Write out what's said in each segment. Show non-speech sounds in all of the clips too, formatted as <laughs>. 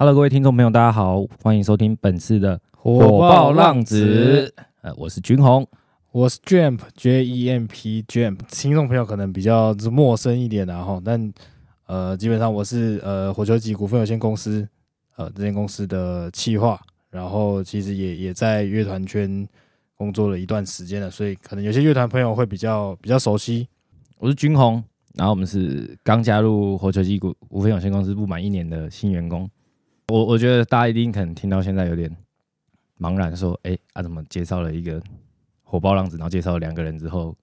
Hello，各位聽眾朋友，大家好，歡迎收聽本次的《火爆浪子》浪。呃，我是君宏，我是 Jamp、J、E、M、P、Jamp 聽眾朋友可能比較是陌生一點的、啊、哈，但呃，基本上我是呃火球祭股份有限公司呃這間公司的企劃，然後其實也也在樂團圈工作了一段時間了，所以可能有些樂團朋友會比較比較熟悉。我是君宏，然後我們是剛加入火球祭股股份有限公司不滿一年的新員工。我我覺得大家一定可能聽到現在有點茫然說，說哎啊怎麼介紹了一個火爆浪子，然後介紹了兩個人之後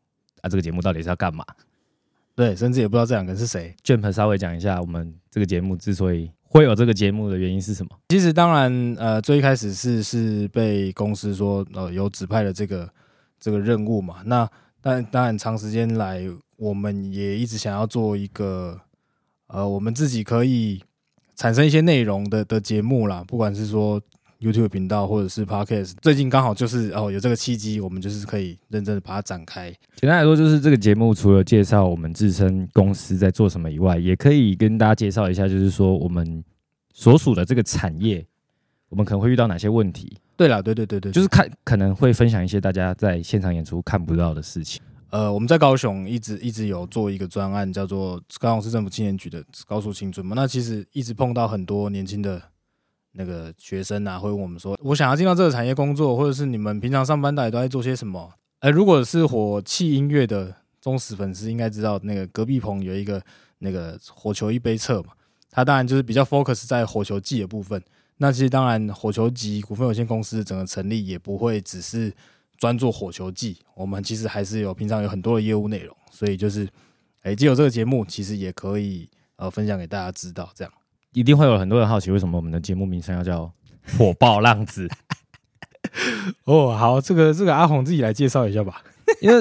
啊這個節目到底是要幹嘛？對，甚至也不知道這兩個人是誰。Jump 稍微講一下，我們這個節目之所以會有這個節目的原因是什麼？其實當然呃最一開始是是被公司說呃有指派的這個這個任務嘛。那但當然長時間來我們也一直想要做一個呃我們自己可以。產生一些內容的的節目啦，不管是說 YouTube 頻道或者是 Podcast，最近剛好就是哦，有這個契機，我們就是可以認真的把它展開。簡單來說，就是這個節目除了介紹我們自身公司在做什麼以外，也可以跟大家介紹一下，就是說我們所屬的這個產業，我們可能會遇到哪些問題。對啦，對對對對，對，就是看，可能會分享一些大家在現場演出看不到的事情。呃，我們在高雄一直一直有做一個專案，叫做高雄市政府青年局的“高速青春”嘛。那其實一直碰到很多年輕的那個學生啊，會問我們說：“我想要進到這個產業工作，或者是你們平常上班到底都在做些什麼？”哎，如果是火氣音樂的忠實粉絲，應該知道那個隔壁棚有一個那個火球一杯測嘛。它當然就是比較 focus 在火球祭的部分。那其實當然，火球祭股份有限公司整個成立也不會只是。專做火球祭，我們其實還是有平常有很多的業務內容，所以就是，哎、欸，藉由這個節目，其實也可以呃分享給大家知道，這樣一定會有很多人好奇，為什麼我們的節目名稱要叫“火爆浪子”？哦， <laughs> <laughs> oh, 好，這個這個阿紅自己來介紹一下吧， <laughs> 因為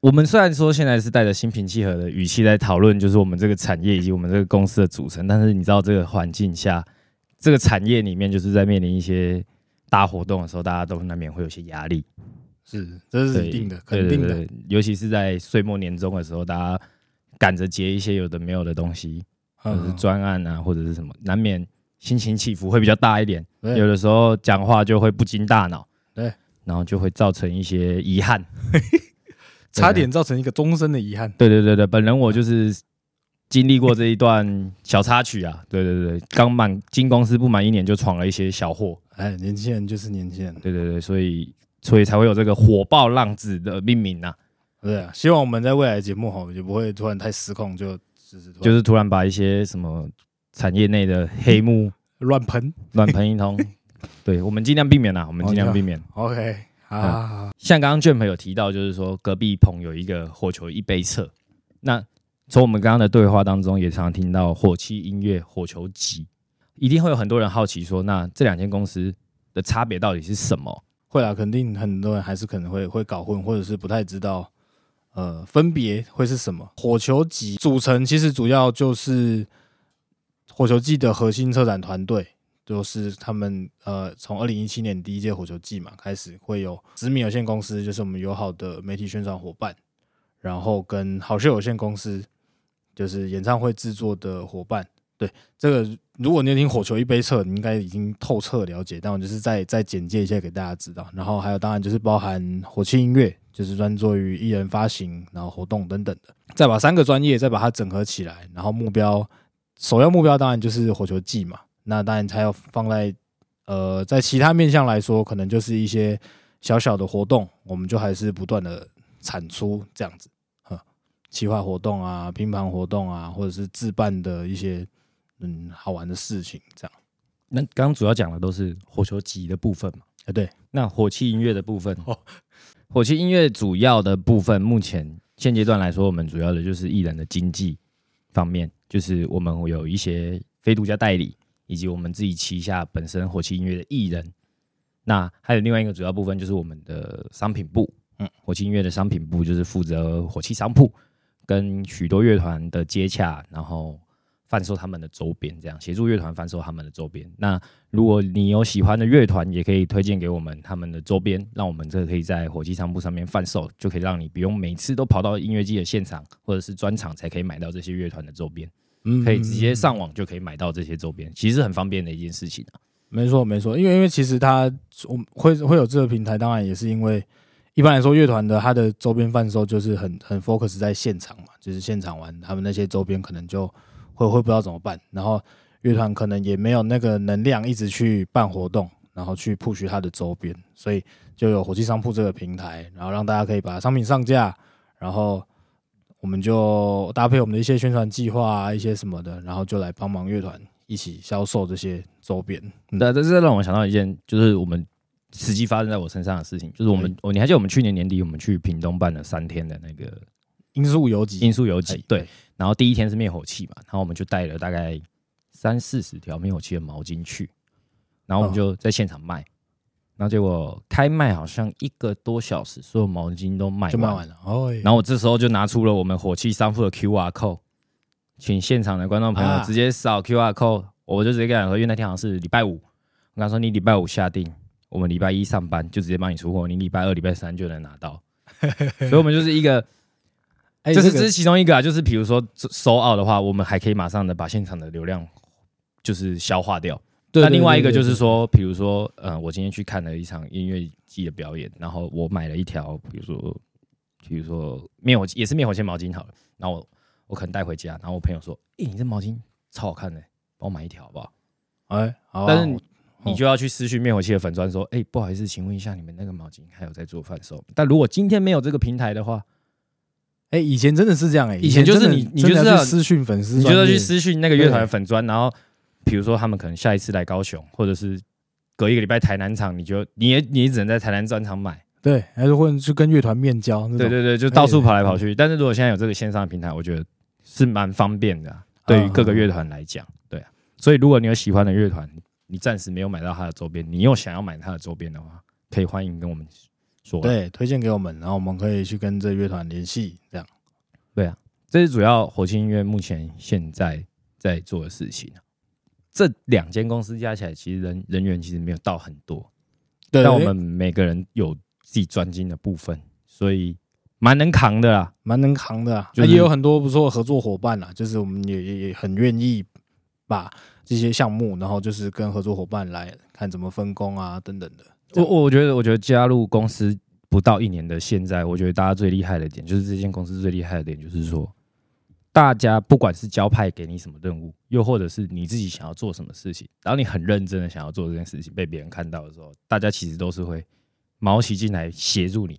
我們雖然說現在是帶着心平氣和的語氣在討論，就是我們這個產業以及我們這個公司的組成，但是你知道這個環境下，這個產業裡面就是在面臨一些。大活動的時候，大家都難免會有些壓力，是，這是一定的，對對對對，肯定的。尤其是在歲末年終的時候，大家趕着接一些有的沒有的東西，嗯嗯，或者是專案啊，或者是什麼，難免心情起伏會比較大一點。對有的時候講話就會不經大腦，對然後就會造成一些遺憾， <laughs> 差點造成一個終身的遺憾。對，對對對對，本人我就是經歷過這一段小插曲啊。 <laughs> 對，對，對對對，剛滿進公司不滿一年，就闖了一些小禍。哎，年輕人就是年輕人，對對對，所以所以才會有這個“火爆浪子”的命名吶、啊，對、啊、希望我們在未來節目哈，就不會突然太失控，就、就是、就是突然把一些什麼產業內的黑幕亂噴、亂噴一通。 <laughs> 對我們盡量避免啊，我們盡量避免。OK，好。像剛剛 Jem 有提到，就是說隔壁棚有一個火球一杯色。那從我們剛剛的對話當中，也常常聽到火氣音樂、火球祭一定會有很多人好奇說，那這兩間公司的差別到底是什麼？嗯？會啦，肯定很多人還是可能會會搞混，或者是不太知道，呃，分別會是什麼。火球祭組成其實主要就是火球祭的核心策展團隊，就是他們呃，從二零一七年第一屆火球祭嘛開始，會有紫米有限公司，就是我們友好的媒體宣傳夥伴，然後跟好秀有限公司，就是演唱會製作的夥伴。對這個，如果你聽《火球》一杯測，你應該已經透徹了解。但我就是再再簡介一下給大家知道。然後還有，當然就是包含火氣音樂，就是專注於藝人發行，然後活動等等的。再把三個專業再把它整合起來，然後目標，首要目標當然就是《火球祭》嘛。那當然還要放在呃，在其他面向來說，可能就是一些小小的活動，我們就還是不斷的產出這樣子，呵，企劃活動啊，拼盤活動啊，或者是自辦的一些。嗯，好玩的事情，這樣。那剛剛主要講的都是火球祭的部分嘛？啊，對。那火氣音樂的部分，哦、火氣音樂主要的部分，目前現階段來說，我們主要的就是藝人的經紀方面，就是我們有一些非獨家代理，以及我們自己旗下本身火氣音樂的藝人。那還有另外一個主要部分，就是我們的商品部。嗯，火氣音樂的商品部就是負責火氣商鋪跟許多樂團的接洽，然後。販售他們的週邊，這樣協助樂團販售他們的週邊。那如果你有喜歡的樂團，也可以推薦給我們他們的週邊，讓我們這個可以在火氣商鋪上面販售，就可以讓你不用每次都跑到音樂季的現場或者是專場才可以買到這些樂團的週邊，嗯、可以直接上網就可以買到這些週邊，其實是很方便的一件事情、啊、沒錯，沒錯，因為因為其實它我會會有這個平台，當然也是因為一般來說樂團的它的週邊販售就是很很 focus 在現場嘛，就是現場玩他們那些週邊可能就。會會不知道怎麼辦，然後樂團可能也沒有那個能量一直去辦活動，然後去 push 他的周邊，所以就有火氣商鋪這個平台，然後讓大家可以把商品上架，然後我們就搭配我們的一些宣傳計劃啊，一些什麼的，然後就來幫忙樂團一起銷售這些周邊。那、嗯、這是讓我想到一件，就是我們實際發生在我身上的事情，就是我們我對你還記得我們去年年底我們去屏東辦了三天的那個。因素有幾？因素有幾？對，然後第一天是滅火器嘛，然後我們就帶了大概三四十條滅火器的毛巾去，然後我們就在現場賣，然後結果開賣好像一個多小時，所有毛巾都賣就賣完了。然後我這時候就拿出了我們火器商鋪的 QR code，請現場的觀眾朋友直接掃 QR code。啊、我就直接跟他說，因為那天好像是禮拜五，我跟他說你禮拜五下定，我們禮拜一上班就直接幫你出貨，你禮拜二、禮拜三就能拿到。所以，我們就是一個。欸、就是這是這其中一個啊，就是比如說 sold out 的話，我們還可以馬上的把現場的流量就是消化掉。那另外一個就是說，比如說，呃，我今天去看了一場音樂祭的表演，然後我買了一條，比如說，比如說滅火器也是滅火器毛巾，好了，然後我我可能帶回家，然後我朋友說：“哎、欸，你這毛巾超好看的，幫我買一條好不好？”哎、欸，好啊，但是你就要去私訊滅火器的粉專說：“哎、欸，不好意思，請問一下，你們那個毛巾還有在做販售，但如果今天沒有這個平台的話。”哎、欸，以前真的是這樣。哎、欸，以前就是你，你就是私訊粉絲，你就去私訊那個樂團的粉專，對 然後比如說他們可能下一次來高雄，或者是隔一個禮拜台南場，你就你你只能在台南專場買，對，還是或者去跟樂團面交，對對對，就到處跑來跑去。對對對，但是如果現在有這個線上的平台，我覺得是蠻方便的，對於對各個樂團來講，對、啊 uh huh. 所以如果你有喜歡的樂團，你暫時沒有買到他的周邊，你又想要買他的周邊的話，可以歡迎跟我們。說對，推薦給我們，然後我們可以去跟這樂團聯繫，這樣。對啊，這是主要火氣音樂目前現在在做的事情、啊、這兩間公司加起來，其實人人員其實沒有到很多，對對對，但我們每個人有自己專精的部分，所以蠻能扛的啦，蠻能扛的、啊。就是啊、也有很多不錯的合作夥伴啊，就是我們也也也很願意把這些項目，然後就是跟合作夥伴來看怎麼分工啊，等等的。這我我覺得，我覺得加入公司不到一年的現在，我覺得大家最厲害的點，就是這間公司最厲害的點，就是說，大家不管是交派給你什麼任務，又或者是你自己想要做什麼事情，然後你很認真的想要做這件事情，被別人看到的時候，大家其實都是會卯起勁來協助你。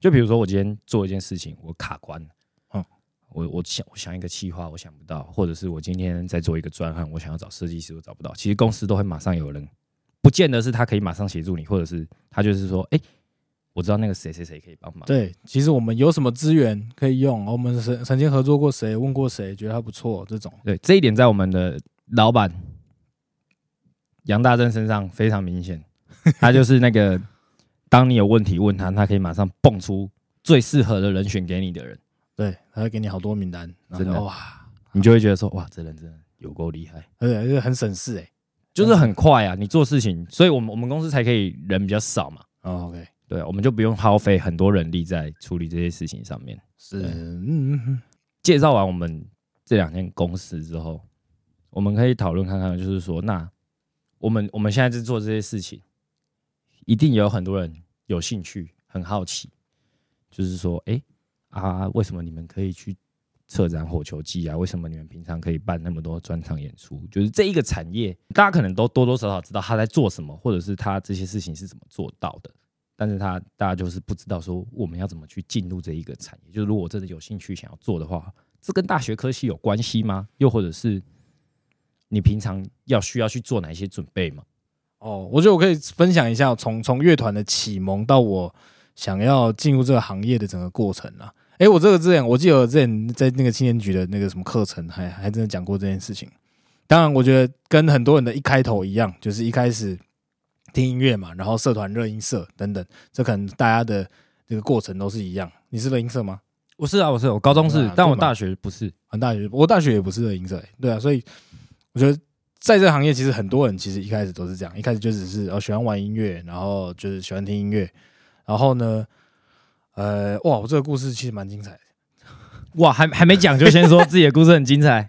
就比如說，我今天做一件事情，我卡關了，嗯，我我想我想一個企劃，我想不到，或者是我今天在做一個專案，我想要找設計師，我找不到，其實公司都會馬上有人。不見得是他可以馬上協助你，或者是他就是說，哎、欸，我知道那個誰誰誰可以幫忙。對，其實我們有什麼資源可以用，我們曾經合作過誰，問過誰，覺得他不錯，這種。對，這一點在我們的老闆楊大正身上非常明顯， <laughs> 他就是那個當你有問題問他，他可以馬上蹦出最適合的人選給你的人。對，他會給你好多名單，然後真的哇，你就會覺得說，好哇，哇，這人真的有夠厲害，而且、就是、很省事、欸，哎。就是很快啊，你做事情，所以我們我們公司才可以人比較少嘛。哦、OK，對，我們就不用耗費很多人力在處理這些事情上面。是，對嗯、介紹完我們這兩間公司之後，我們可以討論看看，就是說，那我們我們現在在做這些事情，一定有很多人有興趣、很好奇，就是說，哎、欸、啊，為什麼你們可以去？策展火球祭啊？為什麼你們平常可以辦那麼多專場演出？就是這一個產業，大家可能都多多少少知道他在做什麼，或者是他這些事情是怎麼做到的。但是他大家就是不知道，說我們要怎麼去進入這一個產業？就是如果真的有興趣想要做的話，這跟大學科系有關係嗎？又或者是你平常要需要去做哪一些準備嗎？哦，我覺得我可以分享一下，從從樂團的啟蒙到我想要進入這個行業的整個過程啊。哎，欸、我這個之前，我記得之前在那個青年局的那個什麼課程，還還真的講過這件事情。當然，我覺得跟很多人的一開頭一樣，就是一開始聽音樂嘛，然後社團、熱音社等等，這可能大家的這個過程都是一樣。你是熱音社嗎？我是啊，我是、啊、我高中是，是啊、但我大學不是，我大學我大學也不是熱音社、欸。對啊，所以我覺得在這個行業，其實很多人其實一開始都是這樣，一開始就只是哦喜歡玩音樂，然後就是喜歡聽音樂，然後呢。呃，哇，我這個故事其實蠻精彩的。哇，還還沒講就先說自己的故事很精彩。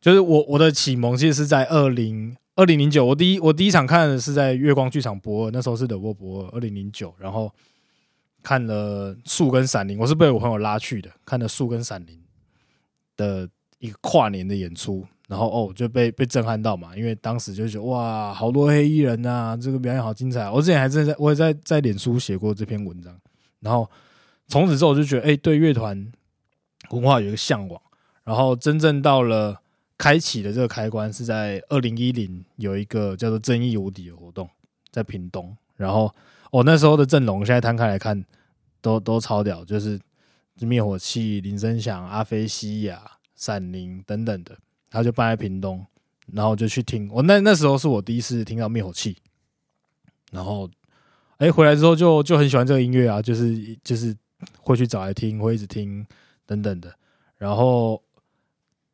就是我我的啟蒙其實是在二零二零零九，我第一我第一場看的是在月光劇場博爾，那時候是德國博爾二零零九，2009, 然後看了《樹》跟《閃靈》，我是被我朋友拉去的，看了《樹》跟《閃靈》的一個跨年的演出，然後哦就被被震撼到嘛，因為當時就覺得哇，好多黑衣人啊，這個表演好精彩啊。我之前還是在我也在在臉書寫過這篇文章。然後從此之後我就覺得，哎、欸，對樂團文化有一個向往。然後真正到了開啟的這個開關是在二零一零，有一個叫做“正義無敵”的活動在屏東。然後我、哦、那時候的陣容現在攤開來看都都超屌，就是滅火器、林生祥、阿飛西雅、閃靈等等的，他就辦在屏東，然後就去聽。我、哦、那那時候是我第一次聽到滅火器，然後。哎、欸，回來之後就就很喜歡這個音樂啊，就是就是會去找來聽，會一直聽等等的。然後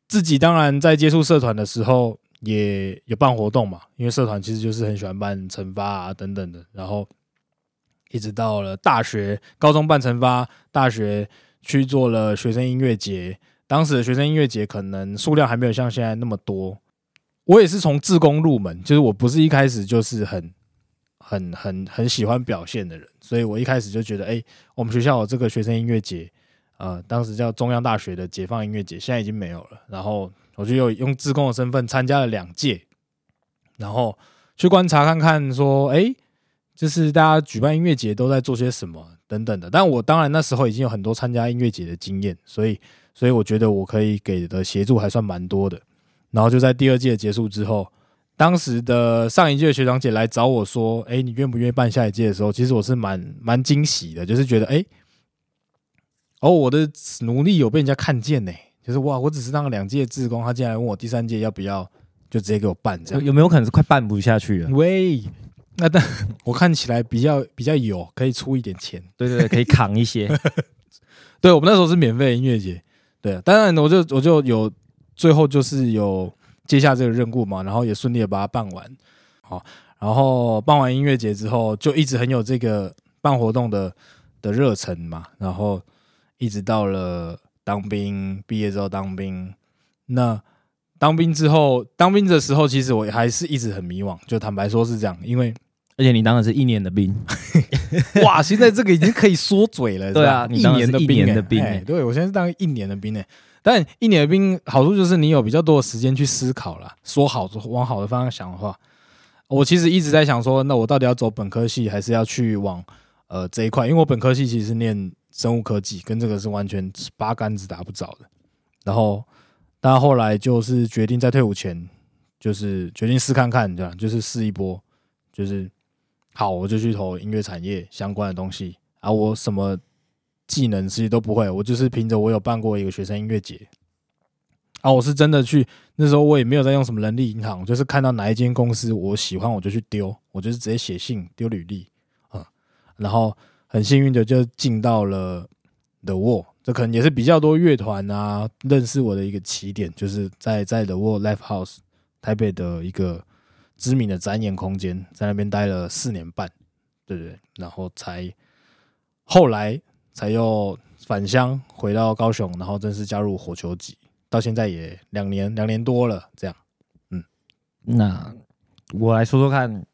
自己當然在接觸社團的時候也有辦活動嘛，因為社團其實就是很喜歡辦成發啊等等的。然後一直到了大學、高中辦成發，大學去做了學生音樂節。當時的學生音樂節可能數量還沒有像現在那麼多。我也是從志工入門，就是我不是一開始就是很。很很很喜歡表現的人，所以我一開始就覺得，哎，我們學校有這個學生音樂節，呃，當時叫中央大學的解放音樂節，現在已經沒有了。然後我就又用志工的身份參加了兩屆，然後去觀察看看，說，哎，就是大家舉辦音樂節都在做些什麼等等的。但我當然那時候已經有很多參加音樂節的經驗，所以所以我覺得我可以給的協助還算蠻多的。然後就在第二屆結束之後。當時的上一屆學長姐來找我說：“哎、欸，你願不願意辦下一屆？”的時候，其實我是蠻蠻驚喜的，就是覺得，哎、欸，哦，我的努力有被人家看見呢、欸，就是哇，我只是當了兩屆志工，他竟然問我第三屆要不要，就直接給我辦這樣有。有沒有可能是快辦不下去了？喂，那但我看起來比較比較有，可以出一點錢。對對對，可以扛一些。 <laughs> 對，我們那時候是免費音樂節，對，當然我就我就有最後就是有。接下這個任務嘛，然後也順利的把它辦完，好，然後辦完音樂節之後，就一直很有這個辦活動的的熱忱嘛，然後一直到了當兵畢業之後當兵，那當兵之後當兵的時候，其實我還是一直很迷惘，就坦白說是這樣，因為而且你當的是一年的兵， <laughs> 哇，現在這個已經可以說嘴了， <laughs> 吧對啊，你當一年的兵、欸，欸、對我現在是當一年的兵呢、欸。但一年的兵好處就是你有比較多的時間去思考啦。說好往好的方向想的話，我其實一直在想說，那我到底要走本科系，還是要去往呃這一塊？因為我本科系其實是念生物科技，跟這個是完全八竿子打不着的。然後，但後來就是決定在退伍前，就是決定試看看，這樣就是試一波，就是好我就去投音樂產業相關的東西啊，我什麼。技能其實都不會，我就是憑着我有辦過一個學生音樂節啊，我是真的去，那時候我也沒有在用什麼人力銀行，就是看到哪一間公司我喜歡我就去丟，我就是直接寫信丟履歷啊，然後很幸運的就進到了 The Wall，這可能也是比較多樂團啊認識我的一個起點，就是在在 The Wall Live House 台北的一個知名的展演空間，在那邊待了四年半，對不對，對？然後才後來。才又返鄉回到高雄，然後正式加入火球祭，到現在也兩年兩年多了。這樣，嗯，那我來說說看，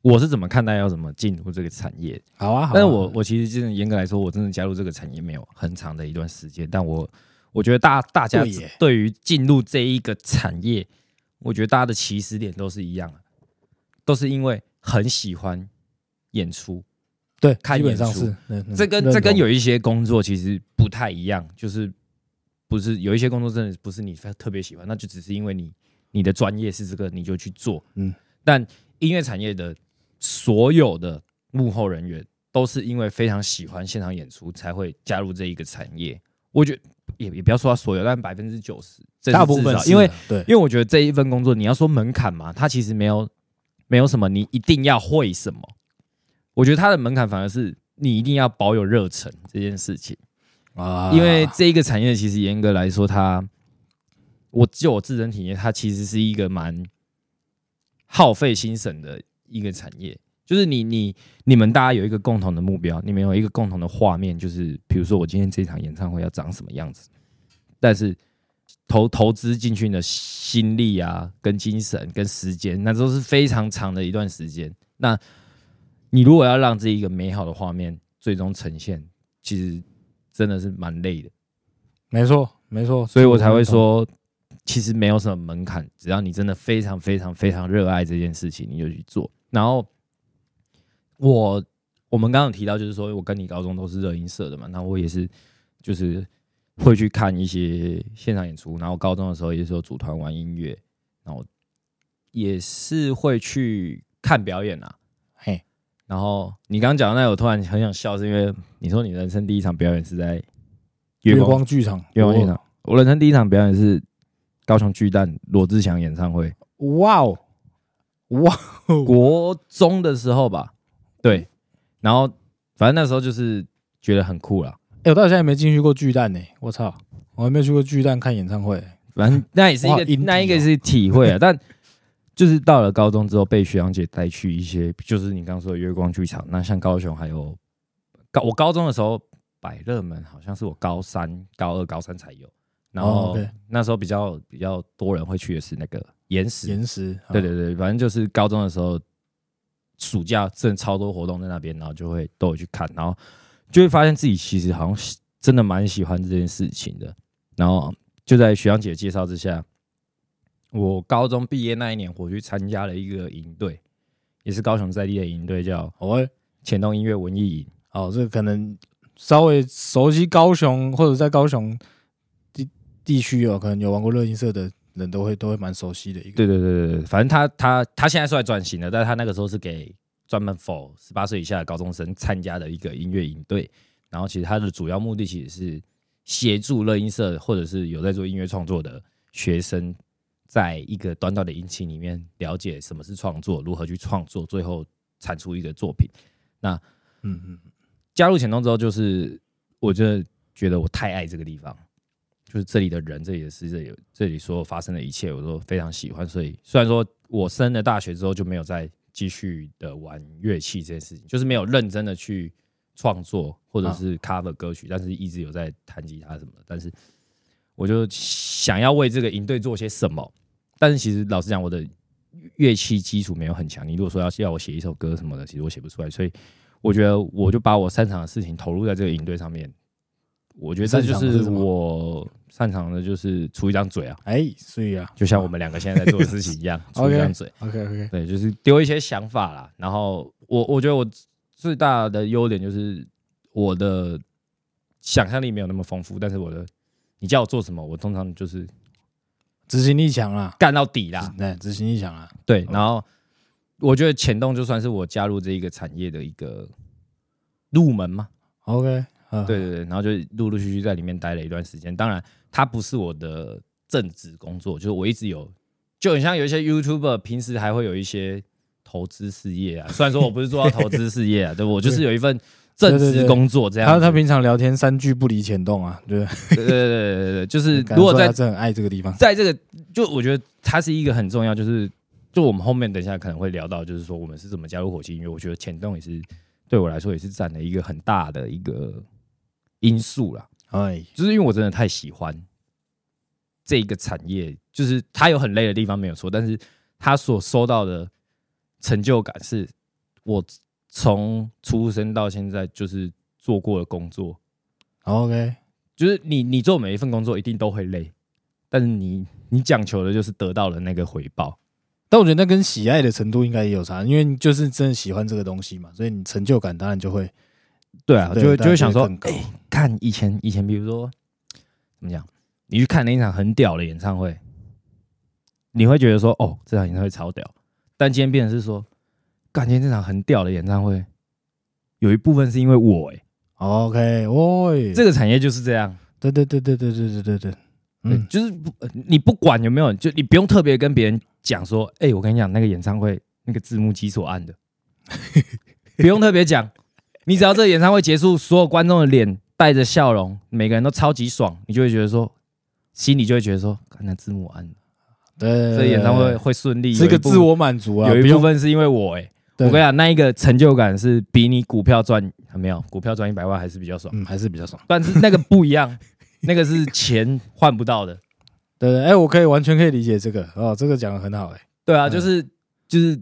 我是怎麼看待要怎麼進入這個產業？好啊，好啊。但是我我其實真的嚴格來說，我真的加入這個產業沒有很長的一段時間，但我我覺得大家大家對於進入這一個產業，耶我覺得大家的起始點都是一樣的，都是因為很喜歡演出。對，看演出，嗯嗯、這跟同這跟有一些工作其實不太一樣，就是，不是有一些工作真的不是你特別喜歡，那就只是因為你你的專業是這個，你就去做。嗯，但音樂產業的所有的幕後人員都是因為非常喜歡現場演出才會加入這一個產業。我覺得也也不要說他所有，但百分之九十，大部分因為，對，因為我覺得這一份工作你要說門檻嘛，它其實沒有沒有什麼你一定要會什麼。我覺得它的門檻反而是你一定要保有熱忱這件事情，因為這一個產業其實嚴格來說，它，我就我自身體驗，它其實是一個蠻耗費心神的一個產業。就是你你你們大家有一個共同的目標，你們有一個共同的畫面，就是比如說我今天這場演唱會要長什麼樣子。但是投投資進去的心力啊，跟精神跟時間，那都是非常長的一段時間。那你如果要讓這一個美好的畫面最終呈現，其實真的是蠻累的。沒錯，沒錯，所以我才會說，其實沒有什麼門檻，只要你真的非常非常非常熱愛這件事情，你就去做。然後我我們剛剛提到，就是說我跟你高中都是熱音社的嘛，那我也是，就是會去看一些現場演出。然後高中的時候也是有組團玩音樂，然後也是會去看表演啊。然後你剛剛講的那，我突然很想笑，是因為你說你人生第一場表演是在月光劇場。月光劇場，我，我人生第一場表演是高雄巨蛋羅志祥演唱會。哇哦，哇哦！國中的時候吧，對。然後反正那時候就是覺得很酷啦。哎，我到現在也沒進去過巨蛋呢。我操，我還沒去過巨蛋看演唱會。反正那也是一個，那一個是體會啊，但。就是到了高中之後，被學長姐帶去一些，就是你剛剛說的月光劇場。那像高雄，還有高我高中的時候，百樂門好像是我高三、高二、高三才有。然後那時候比較比較多人會去的是那個岩石，岩石。哦、對對對，反正就是高中的時候，暑假真的超多活動在那邊，然後就會都有去看，然後就會發現自己其實好像真的蠻喜歡這件事情的。然後就在學長姐介紹之下。我高中畢業那一年，我去參加了一個營隊，也是高雄在地的營隊，叫我前東音樂文藝營。哦，這可能稍微熟悉高雄或者在高雄地地區哦，可能有玩過熱音社的人都會都會蠻熟悉的。一個，對對對對，反正他他他現在是在轉型的，但是他那個時候是給專門 for 十八歲以下的高中生參加的一個音樂營隊，然後其實他的主要目的其實是協助熱音社或者是有在做音樂創作的學生。在一個短短的音期裡面，了解什麼是創作，如何去創作，最後產出一個作品。那，嗯嗯，加入前東之後，就是我就覺得我太愛這個地方，就是這裡的人，這裡的事，這裡這裡所有發生的一切，我都非常喜歡。所以，雖然說我升了大學之後就沒有再繼續的玩樂器這件事情，就是沒有認真的去創作或者是 cover 歌曲，啊、但是一直有在彈吉他什麼的，但是。我就想要為這個營隊做些什麼，但是其實老實講，我的樂器基礎沒有很強。你如果說要要我寫一首歌什麼的，其實我寫不出來。所以我覺得，我就把我擅長的事情投入在這個營隊上面。我覺得這就是我擅長的，就是出一張嘴啊。哎，所以啊，就像我們兩個現在在做的事情一樣，出一張嘴。OK，OK，對，就是丟一些想法啦。然後我我覺得我最大的優點就是我的想象力沒有那麼豐富，但是我的。你叫我做什麼，我通常就是執行力強啊，幹到底啦！對，執行力強啊，對。然後我覺得錢東就算是我加入這一個產業的一個入門嘛。OK，對對對，然後就陸陸續續在裡面待了一段時間。當然，它不是我的正職工作，就是我一直有，就很像有一些 YouTuber 平時還會有一些投資事業啊。雖然說我不是做到投資事業啊， <laughs> 對，對我就是有一份。正式工作這樣，對對對，他他平常聊天三句不離錢洞啊，對， <laughs> 對，對對對對，就是感覺 如果在他真的很愛這個地方，在這個就我覺得它是一個很重要，就是就我們後面等一下可能會聊到，就是說我們是怎麼加入火氣，因為我覺得錢洞也是對我來說也是占了一個很大的一個因素了，哎，就是因為我真的太喜歡這一個產業，就是他有很累的地方沒有錯，但是他所收到的成就感是，我。從出生到現在，就是做過的工作，OK，就是你你做每一份工作一定都會累，但是你你講求的就是得到了那個回報，但我覺得那跟喜愛的程度應該也有差，因為就是真的喜歡這個東西嘛，所以你成就感當然就會，對啊，對就就會想說，哎高、欸，看以前以前比如說怎麼講，你去看了一場很屌的演唱會，你會覺得說，哦，這場演唱會超屌，但今天變成是說。感覺這場很屌的演唱會，有一部分是因為我哎。OK，喂，這個產業就是這樣。對對對對對對對對對，嗯，就是你不管有沒有，就你不用特別跟別人講說，哎，我跟你講那個演唱會那個字幕其實我按的，不用特別講，你只要這個演唱會結束，所有觀眾的臉帶着笑容，每個人都超級爽，你就會覺得說，心裡就會覺得說，看那字幕按的對，這演唱會會順利，這個自我滿足啊。有一部分是因為我哎、欸。對 我跟你講，那一個成就感是比你股票賺還沒有股票賺一百萬還是比較爽，嗯、還是比較爽？但是那個不一樣， <laughs> 那個是錢換不到的。對對，哎、欸，我可以完全可以理解這個哦，這個講得很好哎、欸。對啊，嗯、就是就是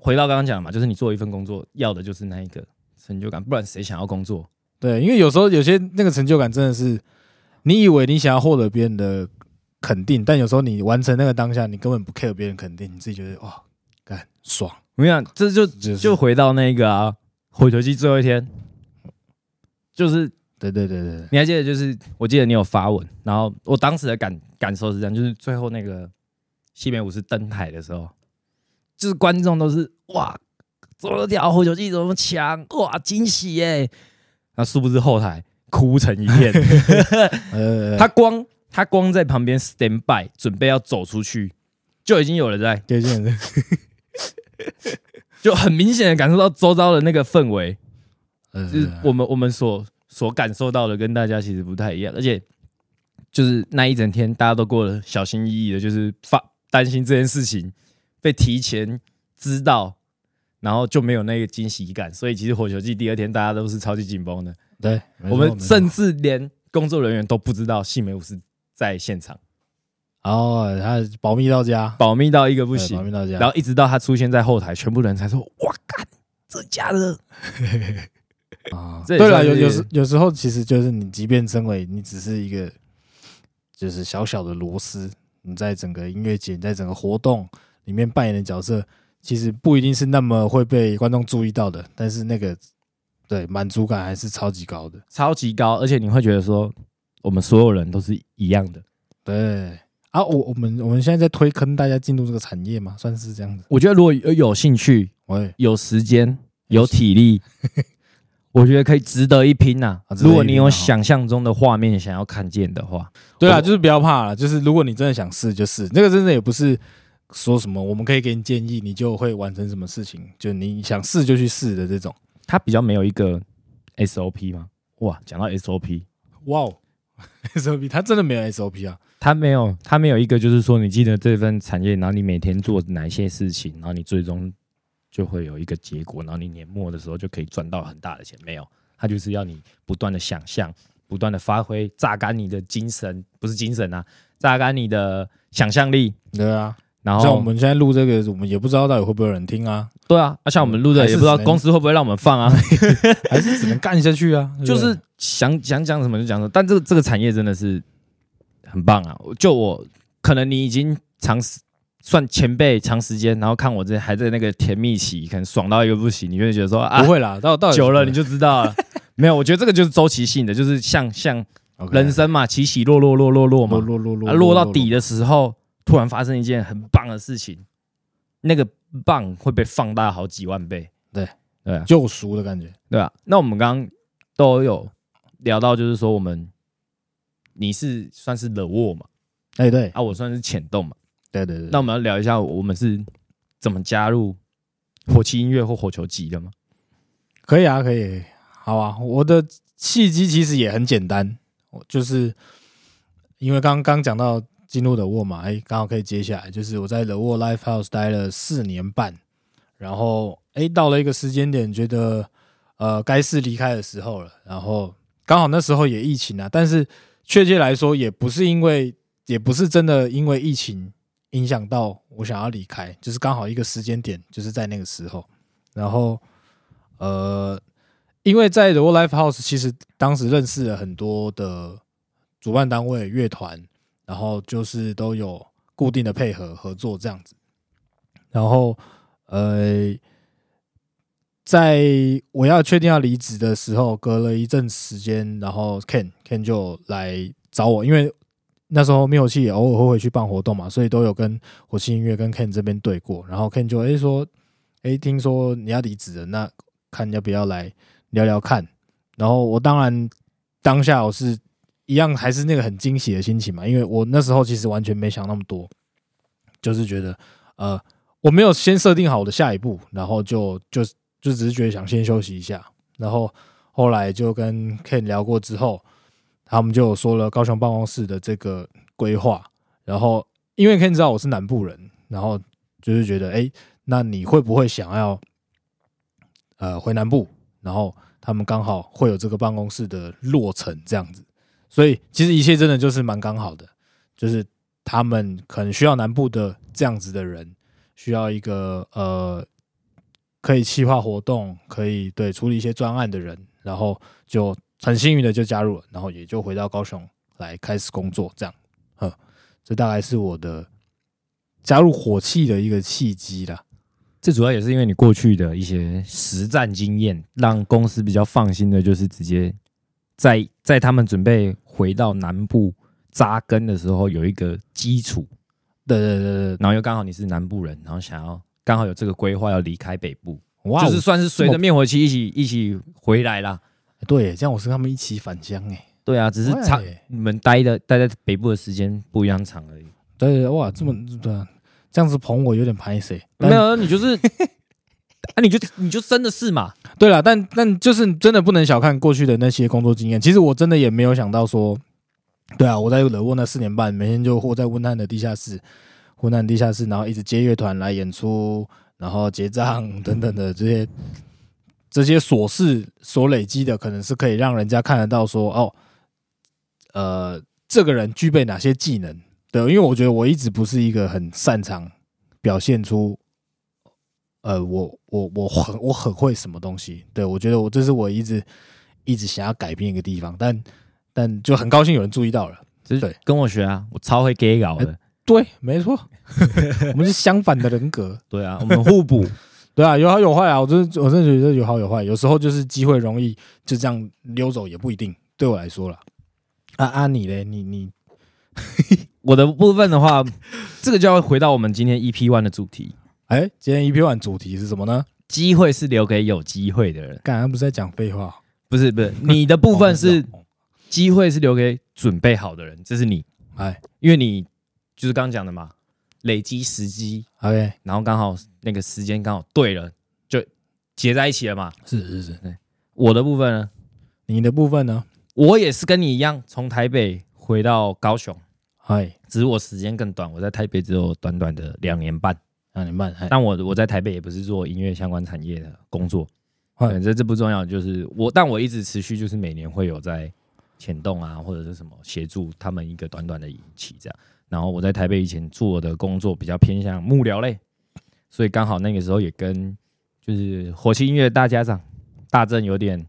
回到剛剛講的嘛，就是你做一份工作要的就是那一個成就感，不然誰想要工作？對，因為有時候有些那個成就感真的是你以為你想要獲得別人的肯定，但有時候你完成那個當下，你根本不 care 別人肯定，你自己覺得哇、哦，乾爽。我跟你講，這就就回到那個啊，就是火球祭最後一天，就是對對對對，對你還記得？就是我記得你有發文，然後我當時的感感受是這樣：就是最後那個西北武士登台的時候，就是觀眾都是哇，這條火球祭怎麼強？哇，驚喜耶！那是不是後台哭成一片？ <laughs> <laughs> 他光他光在旁邊 stand by，準備要走出去，就已經有人在，已經有人。 <laughs> 就很明顯的感受到周遭的那個氛圍，就是我們我們所所感受到的跟大家其實不太一樣，而且就是那一整天大家都過得小心翼翼的，就是發擔心這件事情被提前知道，然後就沒有那個驚喜感。所以其實火球祭第二天大家都是超級緊繃的，對我們甚至連工作人員都不知道細美武士在現場。然後他保密到家，保密到一個不行，保密到家。然後一直到他出現在後台，全部人才說：“哇幹，這家人。 <laughs> 對啦，有有時有時候，其實就是你，即便身為你只是一個，就是小小的螺絲，你在整個音樂節，在整個活動裡面扮演的角色，其實不一定是那麼會被觀眾注意到的。但是那個對滿足感還是超級高的，超級高。而且你會覺得說，我們所有人都是一樣的，對。啊，我我們我們現在在推坑大家進入這個產業嘛，算是這樣子。我覺得如果有，有興趣，喂有時間，有體力， <laughs> 我覺得可以值得一拼吶。啊，值得一拼啊。如果你有想象中的畫面想要看見的話，對啊，我就是不要怕了，就是如果你真的想試，就試。那個真的也不是說什麼，我們可以給你建議，你就會完成什麼事情，就你想試就去試的這種。它比較沒有一個 SOP 嘛。哇，講到 SOP，哇哦，SOP，它真的沒有 SOP 啊。他沒有，他沒有一個，就是說，你記得這份產業，然後你每天做哪些事情，然後你最終就會有一個結果，然後你年末的時候就可以賺到很大的錢。沒有，他就是要你不斷的想象，不斷的發揮，榨乾你的精神，不是精神啊，榨乾你的想象力。對啊，然後像我們現在錄這個，我們也不知道到底會不會有人聽啊。對啊，那像我們錄的也不知道公司會不會讓我們放啊，嗯，還是只能幹 <laughs> 下去啊？就是想對想講什麼就講什麼，但這個這個產業真的是。很棒啊！就我可能你已經長時算前輩長時間，然後看我這還在那個甜蜜期，可能爽到一個不行，你就會覺得說啊不會啦，到到會會久了你就知道了。 <laughs> 沒有，我覺得這個就是週期性的，就是像像人生嘛，起起落落落落落嘛，落落落落落到底的時候，突然發生一件很棒的事情，那個棒會被放大好幾萬倍。對對，救贖的感覺，對吧？那我們剛剛都有聊到，就是說我們。你是算是 The Wall 嘛？哎，對啊，我算是潛動嘛。對對對，那我們要聊一下，我們是怎麼加入火氣音樂或火球祭的嗎？可以啊，可以，好啊。我的契機其實也很簡單，我就是因為剛剛講到進入 The Wall 嘛，哎，剛好可以接下來，就是我在 The Wall Live House 待了四年半，然後哎，到了一個時間點，覺得呃該是離開的時候了，然後剛好那時候也疫情啊，但是。確切來說，也不是因為，也不是真的因為疫情影響到我想要離開，就是剛好一個時間點，就是在那個時候。然後，呃，因為在 The Live House，其實當時認識了很多的主辦單位、樂團，然後就是都有固定的配合合作這樣子。然後，呃。在我要確定要離職的時候，隔了一陣時間，然後 Ken Ken 就來找我，因為那時候滅火器也偶爾會回去辦活動嘛，所以都有跟火氣音樂跟 Ken 這邊對過。然後 Ken 就誒、欸、說：“誒、欸，聽說你要離職了，那看要不要來聊聊看。”然後我當然當下我是一樣還是那個很驚喜的心情嘛，因為我那時候其實完全沒想那麼多，就是覺得呃我沒有先設定好我的下一步，然後就就。就只是覺得想先休息一下，然後後來就跟 Ken 聊過之後，他們就說了高雄辦公室的這個規劃。然後因為 Ken 知道我是南部人，然後就是覺得，哎，那你會不會想要呃回南部？然後他們剛好會有這個辦公室的落成這樣子，所以其實一切真的就是蠻剛好的，就是他們可能需要南部的這樣子的人，需要一個呃。可以企劃活動，可以對處理一些專案的人，然後就很幸運的就加入了，然後也就回到高雄來開始工作，這樣，呵，這大概是我的加入火氣的一個契機啦。這主要也是因為你過去的一些實戰經驗，讓公司比較放心的，就是直接在在他們準備回到南部扎根的時候，有一個基礎，對對對對，然後又剛好你是南部人，然後想要剛好有這個規劃要離開北部，哇，就是算是隨着滅火器一起一起回來啦。對，這樣我是跟他們一起返鄉哎。對啊，只是長耶你們待的待在北部的時間不一樣長而已。對，對，對，哇，這麼對、啊，這樣子捧我有點排斥。沒有，你就是， <laughs> 啊，你就你就真的是嘛？對啊，但但就是真的不能小看過去的那些工作經驗。其實我真的也沒有想到說，對啊，我在惹窩那四年半，每天就活在溫漢的地下室。湖南地下室，然後一直接樂團來演出，然後結賬等等的這些這些瑣事所累積的，可能是可以讓人家看得到說哦，呃，這個人具備哪些技能？對，因為我覺得我一直不是一個很擅長表現出，呃，我我我很我很會什麼東西？對，我覺得我這是我一直一直想要改變一個地方，但但就很高興有人注意到了，對，就跟我學啊，我超會 gay 搞的，欸、對，沒錯。 <laughs> 我們是相反的人格， <laughs> 對啊，我們互補， <laughs> 對啊，有好有壞啊。我真、就是、我真的覺得有好有壞，有時候就是機會容易就這樣溜走，也不一定。對我來說了，啊啊你，你嘞，你你， <laughs> 我的部分的話， <laughs> 這個就要回到我們今天 EP one 的主題。哎、欸，今天 EP one 主題是什麼呢？機會是留給有機會的人。剛剛不是在講廢話不？不是不是， <laughs> 你的部分是機會是留給準備好的人，這是你。哎、欸，因為你就是剛講的嘛。累積時機，OK，然後剛好那個時間剛好對了，就結在一起了嘛。是是是，對。我的部分呢？你的部分呢？我也是跟你一樣，從台北回到高雄，哎嘿，只是我時間更短，我在台北只有短短的兩年半，兩年半。但我我在台北也不是做音樂相關產業的工作，哎嘿，反正這不重要，就是我，但我一直持續，就是每年會有在潛動啊，或者是什麼協助他們一個短短的一期這樣。然後我在台北以前做的工作比較偏向幕僚類，所以剛好那個時候也跟就是火氣音樂的大家長大正有點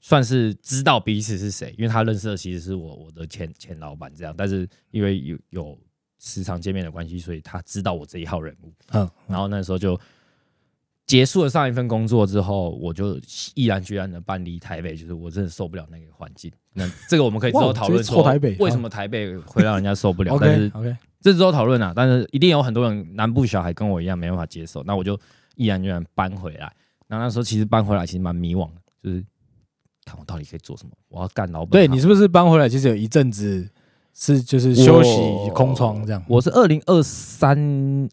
算是知道彼此是誰，因為他認識的其實是我，我的前前老板這樣，但是因為有，有時常見面的關係，所以他知道我這一號人物。嗯，然後那時候就。結束了上一份工作之後，我就毅然決然地搬離台北，就是我真的受不了那個環境。那這個我們可以之後討論說，為什麼台北會讓人家受不了。但是，這之後討論啊，但是一定有很多人南部小孩跟我一樣沒辦法接受。那我就毅然決然搬回來。那那時候其實搬回來其實蠻迷惘的，就是看我到底可以做什麼。我要幹老本。對，你是不是搬回來？其實有一陣子。是，就是休息空窗這樣。我，我是二零二三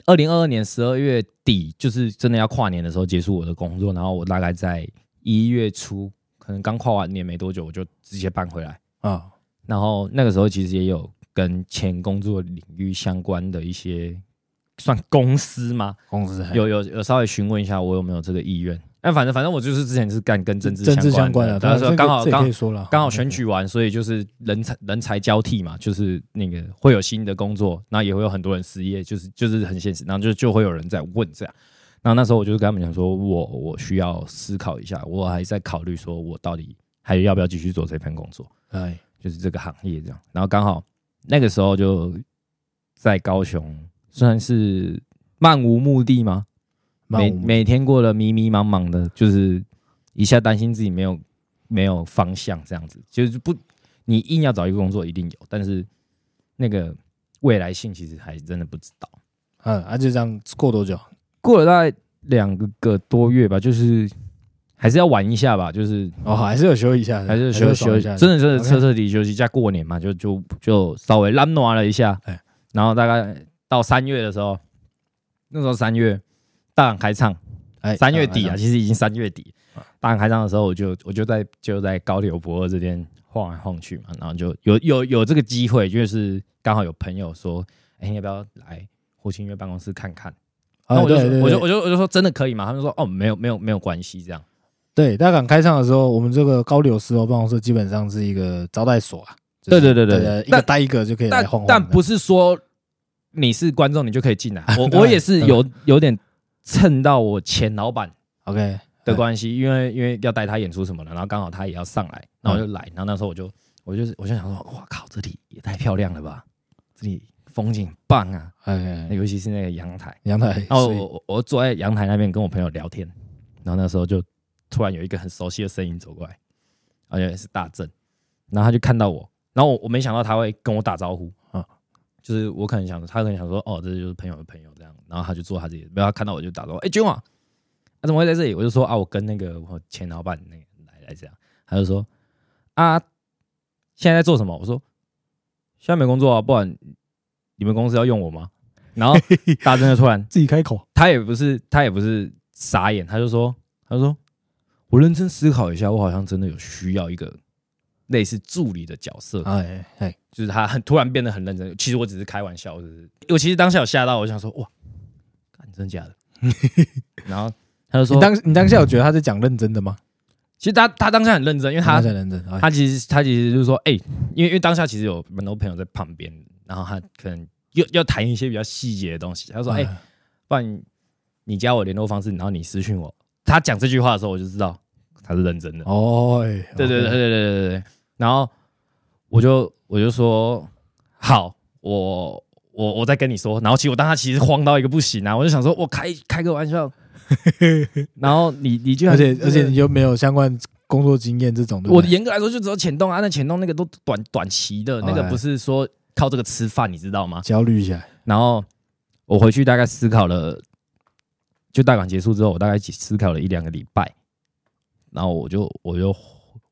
二零二二年十二月底，就是真的要跨年的時候結束我的工作，然後我大概在一月初，可能剛跨完年沒多久，我就直接搬回來啊。然後那個時候其實也有跟前工作領域相關的一些，算公司嗎？公司有有有稍微詢問一下我有沒有這個意願。那、啊、反正反正我就是之前是幹跟政治政治相關的，那時候剛好剛好選舉完，okay 所以就是人才人才交替嘛，就是那個會有新的工作，那也會有很多人失業，就是就是很現實，然後就就會有人在問這樣，那那時候我就跟他們講說，我我需要思考一下，我還在考慮說我到底還要不要繼續做這份工作，哎、就是這個行業這樣，然後剛好那個時候就在高雄算是漫無目的嗎？每每天過得迷迷茫茫的，就是一下擔心自己沒有沒有方向這樣子，就是不你硬要找一個工作一定有，但是那個未來性其實還真的不知道。嗯，而、啊、就這樣過多久？過了大概兩個個多月吧，就是還是要玩一下吧，就是哦，還是要休一下，還是休休一下，真的真的徹徹底底休息。OK 再過年嘛，就就就稍微懶惰了一下，哎、欸，然後大概到三月的時候，那時候三月。大港開唱，哎，三月底啊，其實已經三月底。大港開唱的時候我，我就我就在就在高流博二這邊晃來晃去嘛，然後就有有有這個機會，就是剛好有朋友說，哎、欸，你要不要來火氣音樂辦公室看看？哎、那我就對對對對我就我就我就說真的可以嗎？他們說哦，沒有沒有沒有關係。這樣，對，大港開唱的時候，我們這個高流不二辦公室基本上是一個招待所啊。就是、對對對對，對對對一個待一個就可以來晃晃。來但，但，但不是說你是觀眾你就可以進來、啊。我 <laughs> 對我也是有吧有點。蹭到我前老板，OK 的關係、嗯，因為因為要帶他演出什麼的，然後剛好他也要上來，然後我就來，嗯、然後那時候我就我就是我就想說，哇靠，這裡也太漂亮了吧，這裡風景很棒啊，哎，嗯嗯嗯、尤其是那個陽台，陽台，然後我以我坐在陽台那邊跟我朋友聊天，然後那時候就突然有一個很熟悉的聲音走過來，而且是大正，然後他就看到我，然後我我沒想到他會跟我打招呼。就是我可能想，他可能想說，哦，這是就是朋友的朋友這樣，然後他就做他自己，然後他看到我就打招呼，哎、 <noise> 欸，君王，他，啊，怎麼會在這裡？我就說啊，我跟那個前老闆那個來來這樣，他就說啊，現在在做什麼？我說現在沒工作啊，不然你們公司要用我嗎？然後大正就突然 <laughs> 自己開口，他也不是他也不是傻眼，他就說，他就說我認真思考一下，我好像真的有需要一個。類似助理的角色，哎哎，就是他很突然變得很認真。其實我只是開玩笑是不是？我其實當下有嚇到，我想說哇，真的假的？然後他就說，當，你當下有覺得他是講認真的嗎？其實他他當下很認真，因為他他其實他其實就是說，哎，因為因為當下其實有蠻多朋友在旁邊，然後他可能要要談一些比較細節的東西。他說，哎，不然你加我聯絡方式，然後你私訊我。他講這句話的時候，我就知道。他是認真的哦，對對對對對對，然後我就我就說好，我我我再跟你說，然後其實我當他其實慌到一個不行啊，我就想說我開開個玩笑，然後你你而且而且你又沒有相關工作經驗，這種對對我嚴格來說就只有鉗洞啊，那鉗洞那個都短短期的，那個不是說靠這個吃飯，你知道嗎？焦慮一下。然後我回去大概思考了，就大崗結束之後，我大概思考了一兩個禮拜。然後我就我就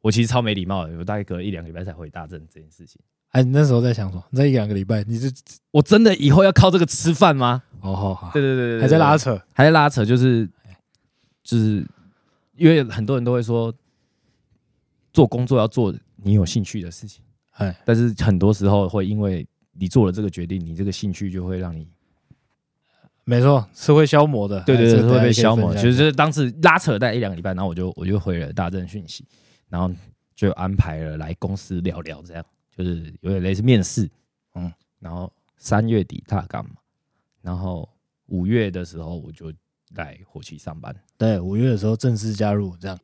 我其實超沒禮貌的，我大概隔一兩個禮拜才回大正這件事情。哎，你那時候在想什麼？那一兩個禮拜，你就我真的以後要靠這個吃飯嗎？哦，好好，對對對，還在拉扯，還在拉扯，就是，就是就是因為很多人都會說，做工作要做你有興趣的事情，哎，Hey. 但是很多時候會因為你做了這個決定，你這個興趣就會讓你。沒錯，是會消磨的。對對對，是會被消磨。其實就是、當時拉扯大概一兩個禮拜，然後我就我就回了大正訊息，然後就安排了來公司聊聊，這樣就是有點類似面試。嗯，然後三月底大港，然後五月的時候我就來火氣上班。對，五月的時候正式加入這樣，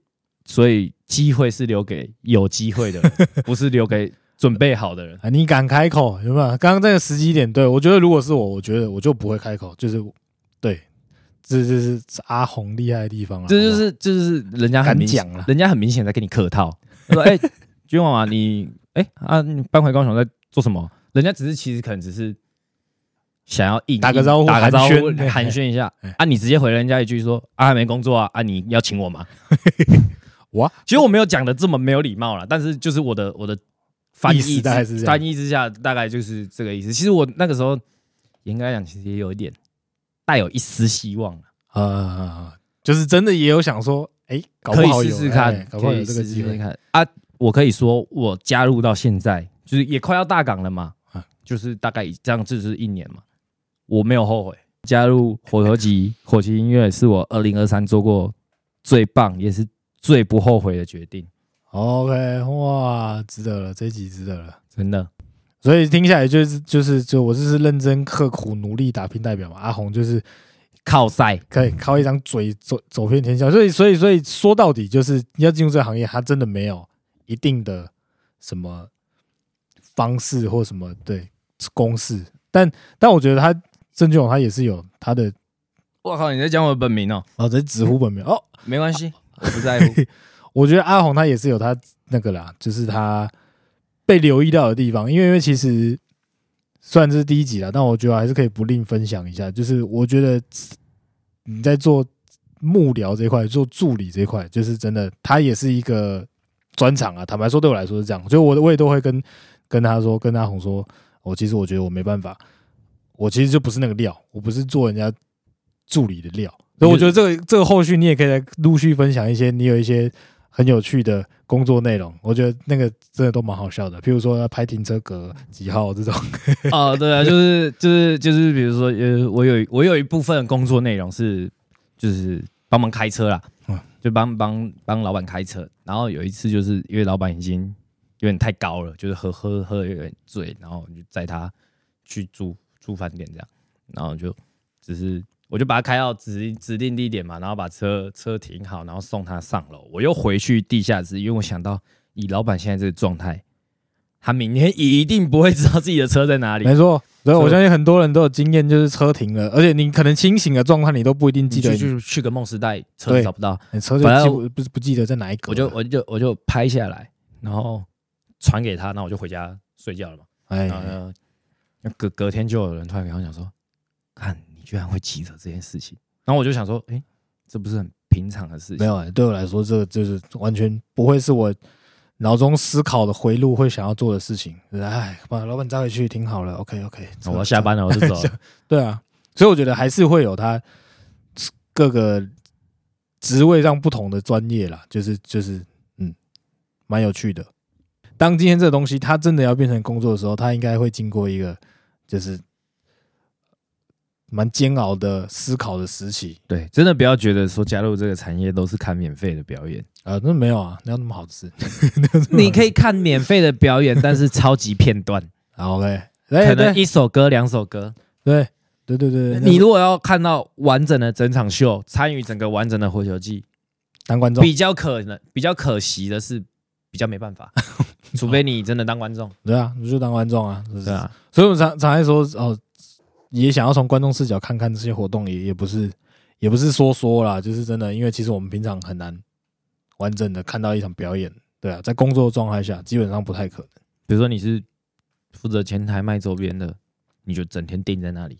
所以機會是留給有機會的， <laughs> 不是留給。準備好的人啊，你敢開口有沒有？剛剛這個時機點，對，我覺得如果是我，我覺得我就不會開口，就是對，這就是阿紅厲害的地方了。這就是，這就是人家很明講了，人家很明顯在跟你客套。哎、就是，欸、 <laughs> 君王啊，你哎、欸、啊，你搬回高雄在做什麼？人家只是其實可能只是想要硬打，個打個招呼，打個招呼，欸、寒暄一下、欸、啊。你直接回人家一句說：“啊，還沒工作啊，啊，你要請我嗎？”我 <laughs> 哇其實我沒有講的這麼沒有禮貌了，但是就是我的我的。翻譯之是翻譯之下，大概就是這個意思。其實我那個時候，嚴格來講，其實也有一點帶有一絲希望啊、嗯，就是真的也有想說，哎、欸，可以試試看，欸搞不好欸、可以試試、欸、搞不好有這個機會看啊。我可以說，我加入到現在，就是也快要大港了嘛，啊、就是大概這樣子是一年嘛，我沒有後悔加入火球祭、欸、火氣音樂，是我二零二三做過最棒也是最不後悔的決定。OK，哇，值得了，這一集值得了，真的。所以聽下來就是就是就我就是認真刻苦努力打拼代表嘛。阿紅就是靠賽，可以靠一張嘴走走遍天下。所以所以所以說到底，就是你要進入這個行業，他真的沒有一定的什麼方式或什麼對公式。但但我覺得他鄭俊永他也是有他的。我靠，你在講我的本名哦？哦，在直呼本名哦，沒關係，啊、我不在乎。 <laughs> 我覺得阿紅他也是有他那個啦，就是他被留意到的地方，因為因為其實雖然這是第一集了，但我覺得還是可以不吝分享一下。就是我覺得你在做幕僚這一塊，做助理這一塊，就是真的，他也是一個專長啊。坦白說，對我來說是這樣，所以我我也都會跟跟他說，跟阿紅說，我其實我覺得我沒辦法，我其實就不是那個料，我不是做人家助理的料。所以我覺得這個這個後續你也可以來陸續分享一些，你有一些。很有趣的工作內容，我覺得那個真的都蠻好笑的。譬如說拍停車格幾號這種。哦，對啊，就是就是就是，就是、比如說，呃、就是，我有我有一部分的工作內容是就是幫忙開車啦，嗯、就幫幫幫老闆開車。然後有一次就是因為老闆已經有點太高了，就是喝喝喝的有點醉，然後就載他去住住飯店這樣，然後就只是。我就把他開到指指定地點嘛，然後把車車停好，然後送他上樓。我又回去地下室，因為我想到以老板現在這個狀態，他明天一定不會知道自己的車在哪裡。沒錯，對，所以我相信很多人都有經驗，就是車停了，以而且你可能清醒的狀況你都不一定記得。去去去個夢時代，車找不到，車就不反正不，不記得在哪一個我。我就我就我就拍下來，然後傳給他，那我就回家睡覺了嘛。哎，哎，隔隔天就有人突然跟我講說，看。居然會記得這件事情，然後我就想說，誒、欸，這不是很平常的事情？沒有，對我來說，這個就是完全不會是我腦中思考的回路會想要做的事情。哎，把老板找回去挺好了。OK，OK，OK, OK, 我要下班了，我就走。 <laughs> 對啊，所以我覺得還是會有他各個職位上不同的專業啦，就是就是，嗯，蠻有趣的。當今天這個東西它真的要變成工作的時候，它應該會經過一個就是。蠻煎熬的思考的時期，對，真的不要覺得說加入這個產業都是看免費的表演啊、呃，那沒有啊，哪有那麼好吃。 <laughs> 你可以看免費的表演， <laughs> 但是超級片段，OK，、欸、可能一首歌、兩首歌，對對對對,對，你如果要看到完整的整場秀，參與整個完整的火球祭，當觀眾比較可能、比較可惜的是，比較沒辦法， <laughs> 除非你真的當觀眾。對啊，你就當觀眾啊，就是啊。所以我們常常愛說哦。也想要從觀眾視角看看這些活動也，也也不是，也不是說說啦，就是真的，因為其實我們平常很難完整的看到一場表演，對啊，在工作狀態下基本上不太可能。比如說你是負責前台賣周邊的，你就整天定在那裡，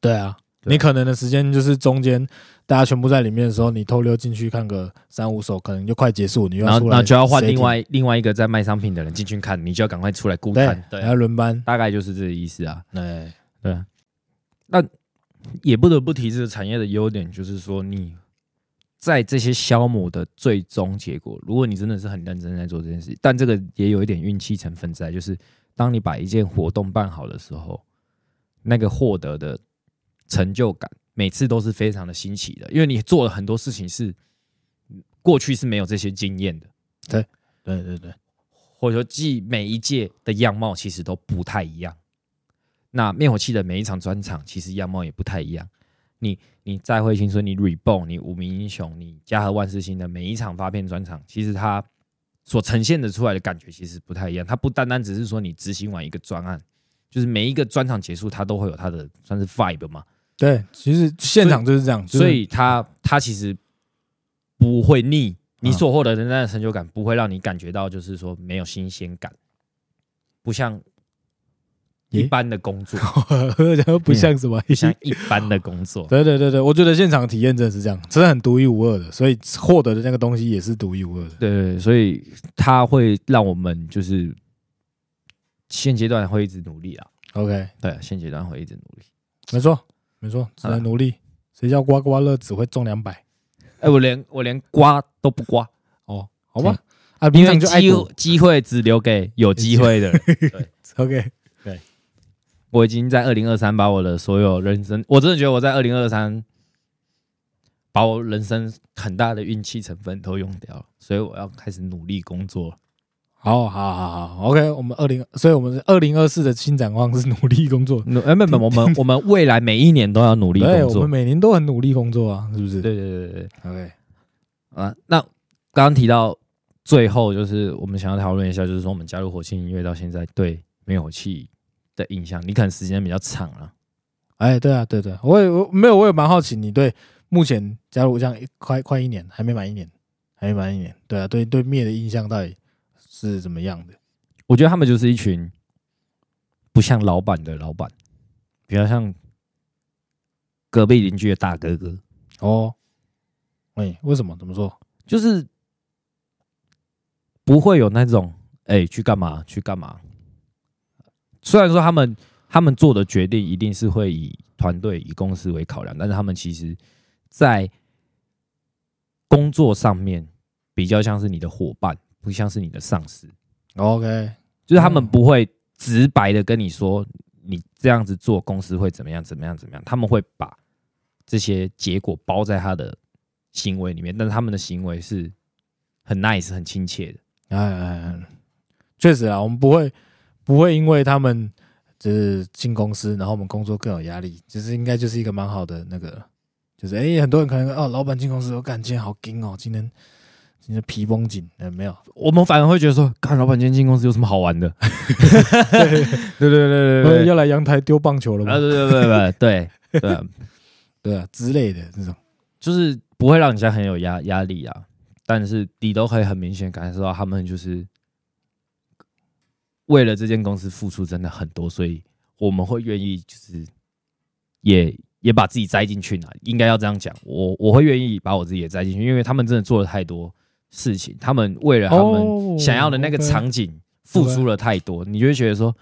對啊，對啊，你可能的時間就是中間，大家全部在裡面的時候，你偷溜進去看個三五首，可能就快結束，你又要出來然後那就要換另外聽另外一個在賣商品的人進去看，你就要趕快出來顧看，對，要輪對班，大概就是這個意思啊，對。對啊，那也不得不提這個產業的優點，就是說你在這些消磨的最終結果，如果你真的是很認真在做這件事，但這個也有一點運氣成分在，就是當你把一件活動辦好的時候，那個獲得的成就感每次都是非常的新奇的，因為你做了很多事情是過去是沒有這些經驗的。對，對對對，或者說，每每一屆的樣貌其實都不太一樣。那滅火器的每一場專場其實樣貌也不太一樣你，你你再會聽說你 Reborn 你無名英雄你家和萬事興的每一場發片專場，其實它所呈現的出來的感覺其實不太一樣，它不單單只是說你執行完一個專案，就是每一個專場結束，它都會有它的算是 vibe 嘛？對，其實現場就是這樣，所以它它其實不會膩，你所獲得的那樣的成就感不會讓你感覺到就是說沒有新鮮感，不像。一般的工作、欸， <laughs> 不像什麼像一般的工作。對對對對，我覺得現場體驗真的是這樣，真的很獨一無二的，所以獲得的那個東西也是獨一無二的。對，所以它會讓我們就是現階段會一直努力啊。OK，對，現階段會一直努力。沒錯，沒錯，只能努力。誰叫刮刮樂只會中兩百？哎，我連我連刮都不刮哦，好吧。啊，因為機機會只留給有機會的人。欸、對 <laughs> ，OK。我已經在二零二三把我的所有人生，我真的覺得我在二零二三把我人生很大的運氣成分都用掉了，所以我要開始努力工作。好好好好，OK，我們二零，所以我們二零二四的新展望是努力工作。哎、欸，沒沒，我們 <laughs> 我們未來每一年都要努力工作。對，我們每年都很努力工作啊，是不是？對對對對對，OK。啊，那剛剛提到最後就是我們想要討論一下，就是說我們加入火氣音樂到現在，對，沒有氣。的印象，你可能時間比較長了。哎，對啊，對對，我也我沒有，我也蠻好奇你對目前加入這樣快快一年，還沒滿一年，還沒滿一年，對啊，對對，滅的印象到底是怎麼樣的？我覺得他們就是一群不像老闆的老闆，比較像隔壁鄰居的大哥哥。哦，哎，為什麼？怎麼說？就是不會有那種哎、欸，去幹嘛去幹嘛。雖然說他們他們做的決定一定是會以團隊以公司為考量，但是他們其實，在工作上面比較像是你的伙伴，不像是你的上司。OK，就是他們不會直白的跟你說你這樣子做公司會怎麼樣怎麼樣怎麼樣，他們會把這些結果包在他的行為裡面，但是他們的行為是很 nice 很親切的。嗯嗯嗯，確實啊，我們不會。不會因為他們就是進公司，然後我們工作更有壓力，其、就、實、是、應該就是一個蠻好的那個，就是哎、欸，很多人可能說哦，老闆進公司，我感覺今天好緊哦，今天今天皮繃緊，呃、欸，沒有，我們反而會覺得說，看老闆今天進公司有什麼好玩的？對對對對對，要來陽台丟棒球了嗎？對對對對對對，對啊，之類的這種，就是不會讓人家很有壓壓力啊，但是你都可以很明顯感受到他們就是。為了這間公司付出真的很多，所以我們會願意，就是也也把自己栽進去呢。應該要這樣講，我我會願意把我自己也栽進去，因為他們真的做了太多事情，他們為了他們想要的那個場景付出了太多，oh, okay. 你就會覺得說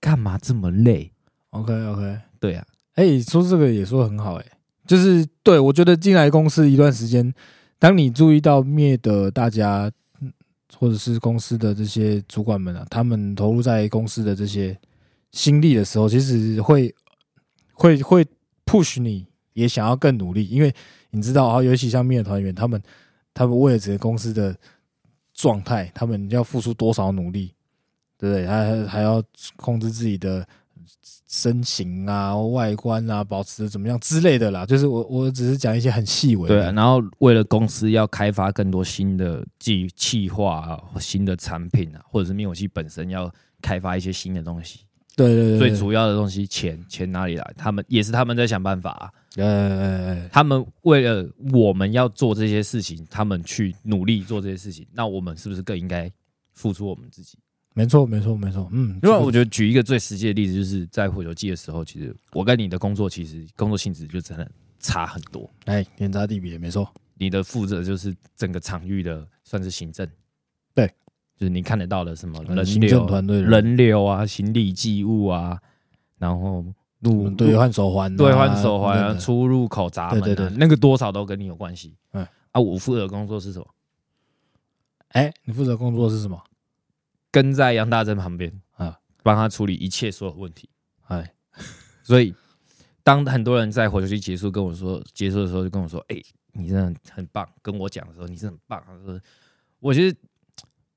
幹嘛這麼累？OK OK，對啊，哎、欸，說這個也說很好、欸，哎，就是對我覺得進來公司一段時間，當你注意到滅的大家。或者是公司的這些主管們啊，他們投入在公司的這些心力的時候，其實會會會 push 你也想要更努力，因為你知道啊，尤其像滅團員，他們他們為了這個公司的狀態，他們要付出多少努力，對不對？還還要控制自己的。身形啊，外觀啊，保持怎麼樣之類的啦，就是我我只是講一些很細微的。對啊，然後為了公司要開發更多新的計劃啊，新的產品啊，或者是滅火器本身要開發一些新的東西。對對對，對。最主要的東西錢，錢錢哪裡來？他們也是他們在想辦法。啊。對，對對對。他們為了我們要做這些事情，他們去努力做這些事情，那我們是不是更應該付出我們自己？沒錯，沒錯，沒錯。嗯，因為我覺得舉一個最實際的例子，就是在火球祭的時候，其實我跟你的工作，其實工作性質就真的差很多。哎，天差地別，沒錯。你的負責就是整個場域的，算是行政，對，就是你看得到的什麼人流團隊、人流啊、行李寄物啊，然後路對換手環、啊、對換手環、啊、出入口閘門，對對對，那個多少都跟你有關係。哎，啊，我負責工作是什麼？哎，欸、你負責工作是什麼？跟在楊大正旁邊啊，幫他處理一切所有問題。啊、哎， <laughs> 所以當很多人在火球祭結束跟我說結束的時候，就跟我說：“哎、欸，你真的很棒。”跟我講的時候，你是很棒。他說：“我其實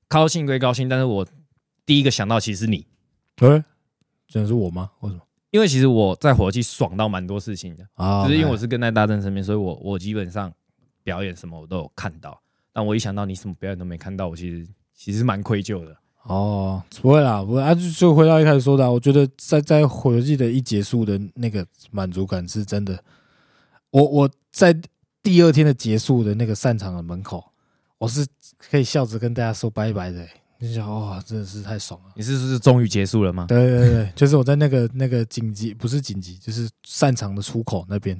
高興歸高興，但是我第一個想到其實你。”哎、欸，真的是我嗎？為什麼？因為其實我在火球祭爽到蠻多事情的啊，就是因為我是跟在大正身邊，嗯、所以我我基本上表演什麼我都有看到。但我一想到你什麼表演都沒看到，我其實其實蠻愧疚的。哦，不會啦，不會，啊，就就回到一開始說的、啊，我覺得在在火球祭的一結束的那個滿足感是真的我。我我在第二天的結束的那個散場的門口，我是可以笑着跟大家說拜拜的、欸。你想，哇、哦，真的是太爽了！你是不是終於結束了嗎？對對對，就是我在那個那個緊急不是緊急，就是散場的出口那邊，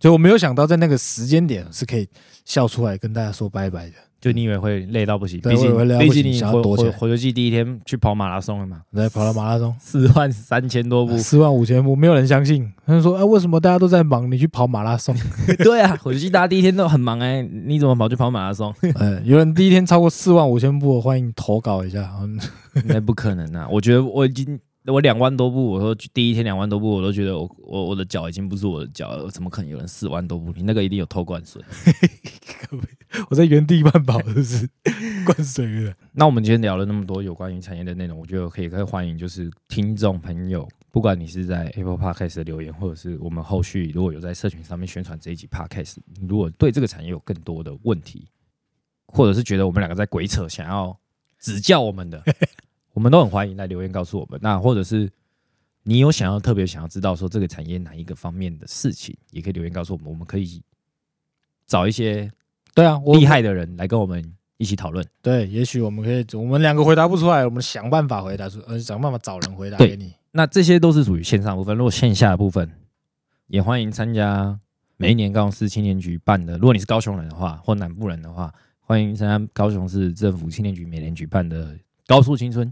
就我沒有想到在那個時間點是可以笑出來跟大家說拜拜的。就你以為會累到不行，畢對竟畢竟你火火火球祭第一天去跑馬拉松了嘛？對，跑了馬拉松，四萬三千多步、啊，四萬五千步，沒有人相信。他說：“哎、欸，為什麼大家都在忙，你去跑馬拉松？” <laughs> 對啊，火球祭大家第一天都很忙哎、欸，你怎麼跑去跑馬拉松？哎、欸，有人第一天超過四萬五千步，歡迎投稿一下。那 <laughs> 不可能啊！我覺得我已經。我兩萬多步，我說第一天兩萬多步，我都覺得我我我的腳已經不是我的腳了，我怎麼可能有人四萬多步？你那個一定有偷灌水， <laughs> 我在原地慢跑就是灌水了。 <laughs> 那我們今天聊了那麼多有關於產業的內容，我覺得可以可以歡迎就是聽眾朋友，不管你是在 Apple Podcast 的留言，或者是我們後續如果有在社群上面宣傳這一集 Podcast，如果對這個產業有更多的問題，或者是覺得我們兩個在鬼扯，想要指教我們的。 <laughs> 我們都很歡迎來留言告訴我們，那或者是你有想要特別想要知道說這個產業哪一個方面的事情，也可以留言告訴我們。我們可以找一些對啊厲害的人來跟我們一起討論對、啊。對，也許我們可以，我們兩個回答不出來，我們想辦法回答出，呃，想辦法找人回答給你。那這些都是屬於線上部分，如果線下部分，也歡迎參加每一年高雄市青年局辦的。如果你是高雄人的話，或南部人的話，歡迎參加高雄市政府青年局每年舉辦的“高速青春”。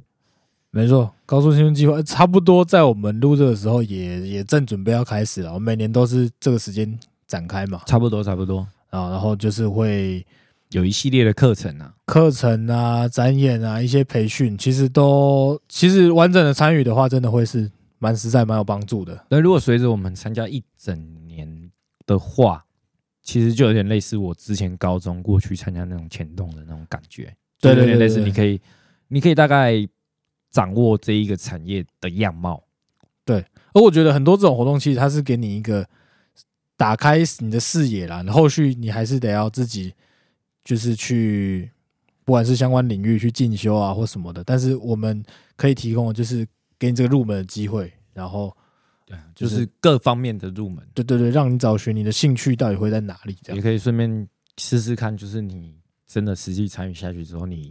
沒錯，高速新聞計劃差不多在我們錄製的時候也也正準備要開始了。我們每年都是這個時間展開嘛，差不多差不多。然後、嗯、然後就是會有一系列的課程啊、課程啊、展演啊、一些培訓，其實都其實完整的參與的話，真的會是蠻實在、蠻有幫助的。那如果隨着我們參加一整年的話，其實就有點類似我之前高中過去參加那種前動的那種感覺，對，有點類似。你可以，對對對對，你可以大概，掌握這一個產業的樣貌，對。而我覺得很多這種活動其實它是給你一個打開你的視野啦，然後續你還是得要自己就是去不管是相關領域去進修啊或什麼的。但是我們可以提供的就是給你這個入門的機會，然後對，就是各方面的入門，對對對，讓你找尋你的興趣到底會在哪裡這樣。你可以順便試試看，就是你真的實際參與下去之後，你。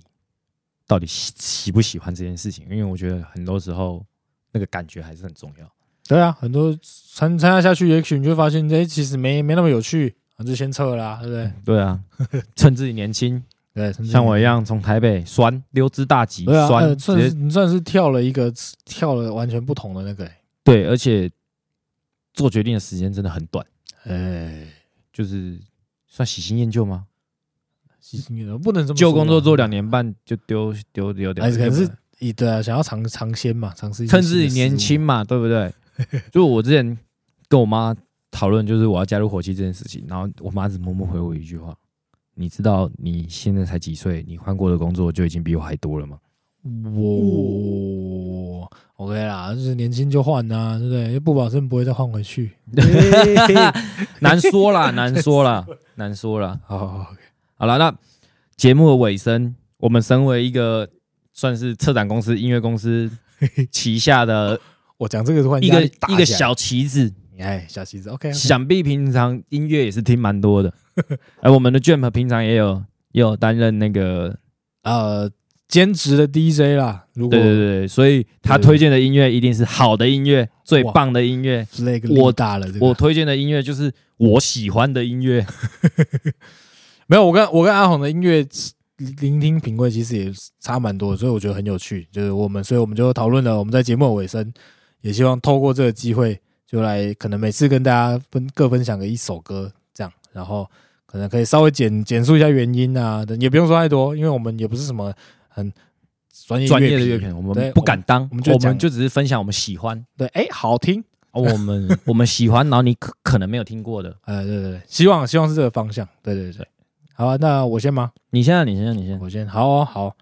到底喜喜不喜歡這件事情？因為我覺得很多時候那個感覺還是很重要。對啊，很多參參加下去，也許你就發現哎、欸，其實沒沒那麼有趣，就先撤了啦，對不對？對啊，趁自己年輕， <laughs> 對，像我一樣從台北酸溜之大吉，啊、酸，欸、接算是你算是跳了一個跳了完全不同的那個、欸。對，而且做決定的時間真的很短。哎、欸嗯，就是算喜新厭舊嗎？不能這麼做，舊工作做兩年半就丟丟丟掉，還、哎、是可是以對啊，想要嚐嚐鮮嘛，嘗試嘗趁自己年輕嘛，對不對？ <laughs> 就我之前跟我媽討論，就是我要加入火氣這件事情，然後我媽只默默回我一句話：“嗯、你知道你現在才幾歲，你換過的工作就已經比我還多了嗎？”我、哦、OK 啦，就是年輕就換啦、啊，對不對？又不保證不會再換回去， <laughs> <laughs> 難說啦，難說啦， <laughs> 難說啦， <laughs> 好好好、okay。好了，那節目的尾聲，我們身為一個算是策展公司、音樂公司旗下的， <laughs> 我講這個的話，一個一個小旗子，哎，yeah, 小旗子 okay，OK。想必平常音樂也是聽蠻多的，而、 <laughs> 呃、我們的 Jump 平常也有也有擔任那個呃兼職的 DJ 啦。如果對對對，所以他推薦的音樂一定是好的音樂，最棒的音樂。我打了，我推薦的音樂就是我喜歡的音樂。 <laughs> 沒有，我跟我跟阿紅的音樂聆聽品味其實也差蠻多，所以我覺得很有趣。就是我們，所以我們就討論了。我們在節目的尾聲，也希望透過這個機會，就來可能每次跟大家分各分享個一首歌，這樣，然後可能可以稍微簡簡述一下原因啊，也不用說太多，因為我們也不是什麼很專業專業的樂評，我們不敢當，我們，我們就我們就只是分享我們喜歡，對，哎，好聽，哦、我們我們喜歡， <laughs> 然後你可可能沒有聽過的，呃，對對對，希望希望是這個方向，對對對。對好、啊，那我先忙、啊啊。你先，你先，你先，我先。好、哦，好，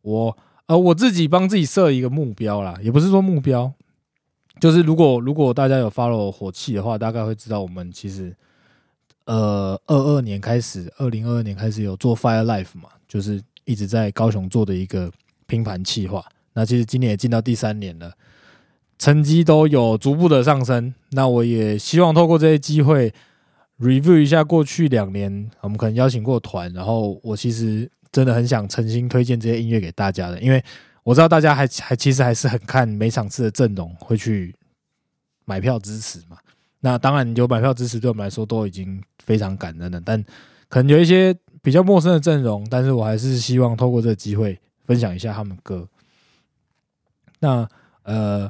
我呃，我自己幫自己設一個目標啦，也不是說目標，就是如果如果大家有 follow 火氣的話，大概會知道我們其實呃，二二年開始，二零二二年開始有做 Fire Live 嘛，就是一直在高雄做的一個拼盤計劃。那其實今年也進到第三年了，成績都有逐步的上升。那我也希望透過這些機會。review 一下過去兩年，我們可能邀請過團，然後我其實真的很想誠心推薦這些音樂給大家的。因為我知道大家還還其實還是很看每場次的陣容會去買票支持嘛。那當然有買票支持，對我們來說都已經非常感恩了。但可能有一些比較陌生的陣容，但是我還是希望透過這個機會分享一下他們歌。那呃。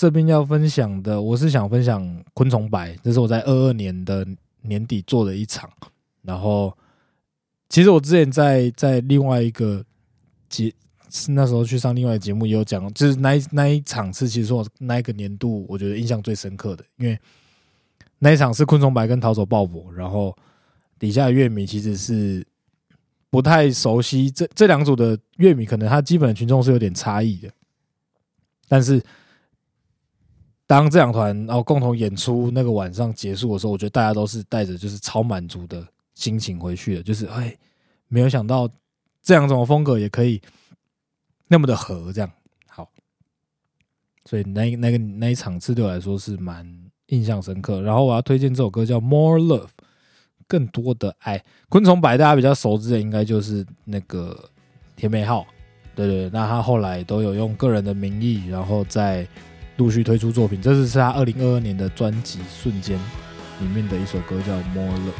這邊要分享的，我是想分享《昆蟲白》，這是我在二二年的年底做的一場。然後，其實我之前在在另外一個節，那時候去上另外一個節目也有講，就是那一那一場次，其實我那一個年度我覺得印象最深刻的，因為那一場是《昆蟲白》跟《逃走鮑勃》，然後底下的樂迷其實是不太熟悉這這兩組的樂迷，可能他基本的群眾是有點差異的，但是。當這兩團，然後共同演出，那個晚上結束的時候，我覺得大家都是帶着就是超滿足的心情回去的，就是哎，沒有想到這兩種風格也可以那麼的合，這樣好。所以那那個那一場次對我來說是蠻印象深刻。然後我要推薦這首歌叫《More Love》，更多的愛。昆蟲白大家比較熟知的應該就是那個甜梅號，對對、對，那他後來都有用個人的名義，然後在。陸續推出作品，這是他二零二二年的專輯《瞬間》裡面的一首歌，叫《More Love》。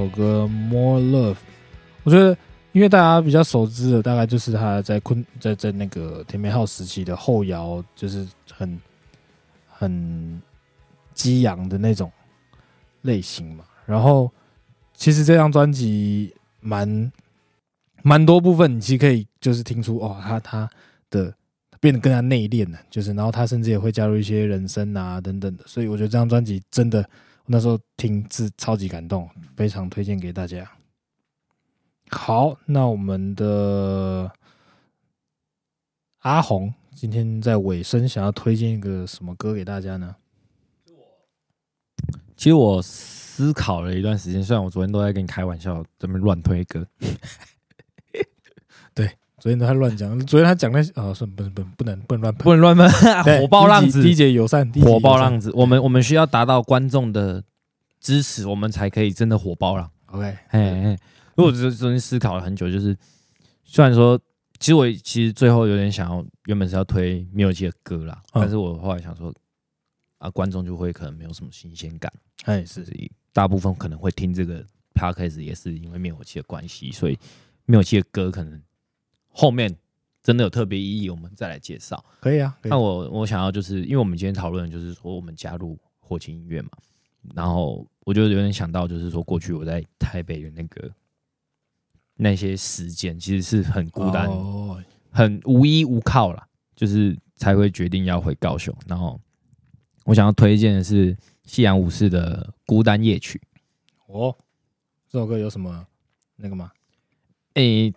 首歌《More Love》，我覺得，因為大家比較熟知的，大概就是他在昆在在那個《甜梅號》時期的後搖，就是很很激昂的那種類型嘛。然後，其實這張專輯蠻蠻多部分，你其實可以就是聽出哦，他他的變得更加內斂了。就是，然後他甚至也會加入一些人聲啊等等的。所以，我覺得這張專輯真的。那時候聽是超級感動，非常推薦給大家。好，那我們的阿紅今天在尾聲想要推薦一個什麼歌給大家呢？其實我思考了一段時間，雖然我昨天都在跟你開玩笑，這麼亂推歌。 <laughs> 昨天他亂講，昨天他講那啊、哦，不不能不能不能亂噴，不能亂噴，對火爆浪子，低級友善，友善火爆浪子。對我們我們需要達到觀眾的支持，我們才可以真的火爆了。OK，哎哎嘿，我我昨天思考了很久，就是雖然說，其實我其實最後有點想要，原本是要推滅火器的歌啦，嗯、但是我後來想說，啊，觀眾就會可能沒有什麼新鮮感。哎嘿，是，大部分可能會聽這個 Podcast 也是因為滅火器的關係，嗯、所以滅火器的歌可能。後面真的有特別意義，我們再來介紹。可以啊，可以，那我我想要就是，因為我們今天討論就是說我們加入火氣音樂嘛，然後我就有點想到，就是說過去我在台北的那個那些時間，其實是很孤單、oh. 很無依無靠了，就是才會決定要回高雄。然後我想要推薦的是夕陽武士的《孤單夜曲》。哦，oh, 這首歌有什麼那個嗎？誒、欸。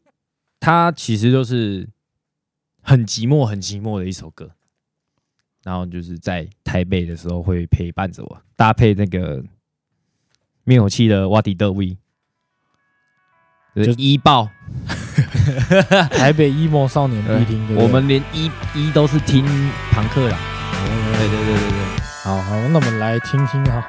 它其實就是很寂寞，很寂寞的一首歌，然後就是在台北的時候會陪伴着我，搭配那個滅火器的瓦迪德威。就一爆， <laughs> 台北一模少年必聽，我們連一一都是聽朋克啦，對，對對對對對，好好，那我們來聽聽哈。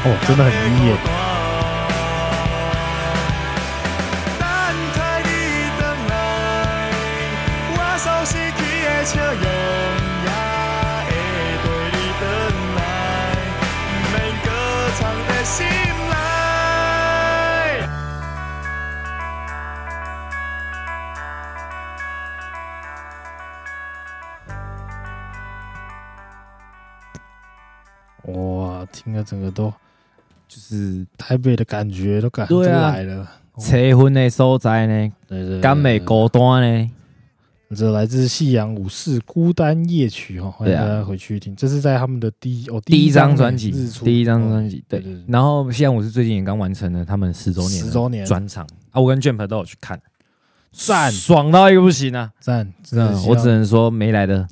哦，真的很低耶！哇，聽了整個都。就是台北的感覺都感覺都來了，氣氛的所在呢，甘美孤單呢。這來自夕陽武士《孤單夜曲》哦，歡迎大家回去聽。這是在他們的第哦第一張專輯，第一張專輯對。然後夕陽武士最近也剛完成了他們十週年十週年專場啊，我跟 Jump 都有去看，讚，爽到一個不行啊，讚，真的。我只能說沒來的，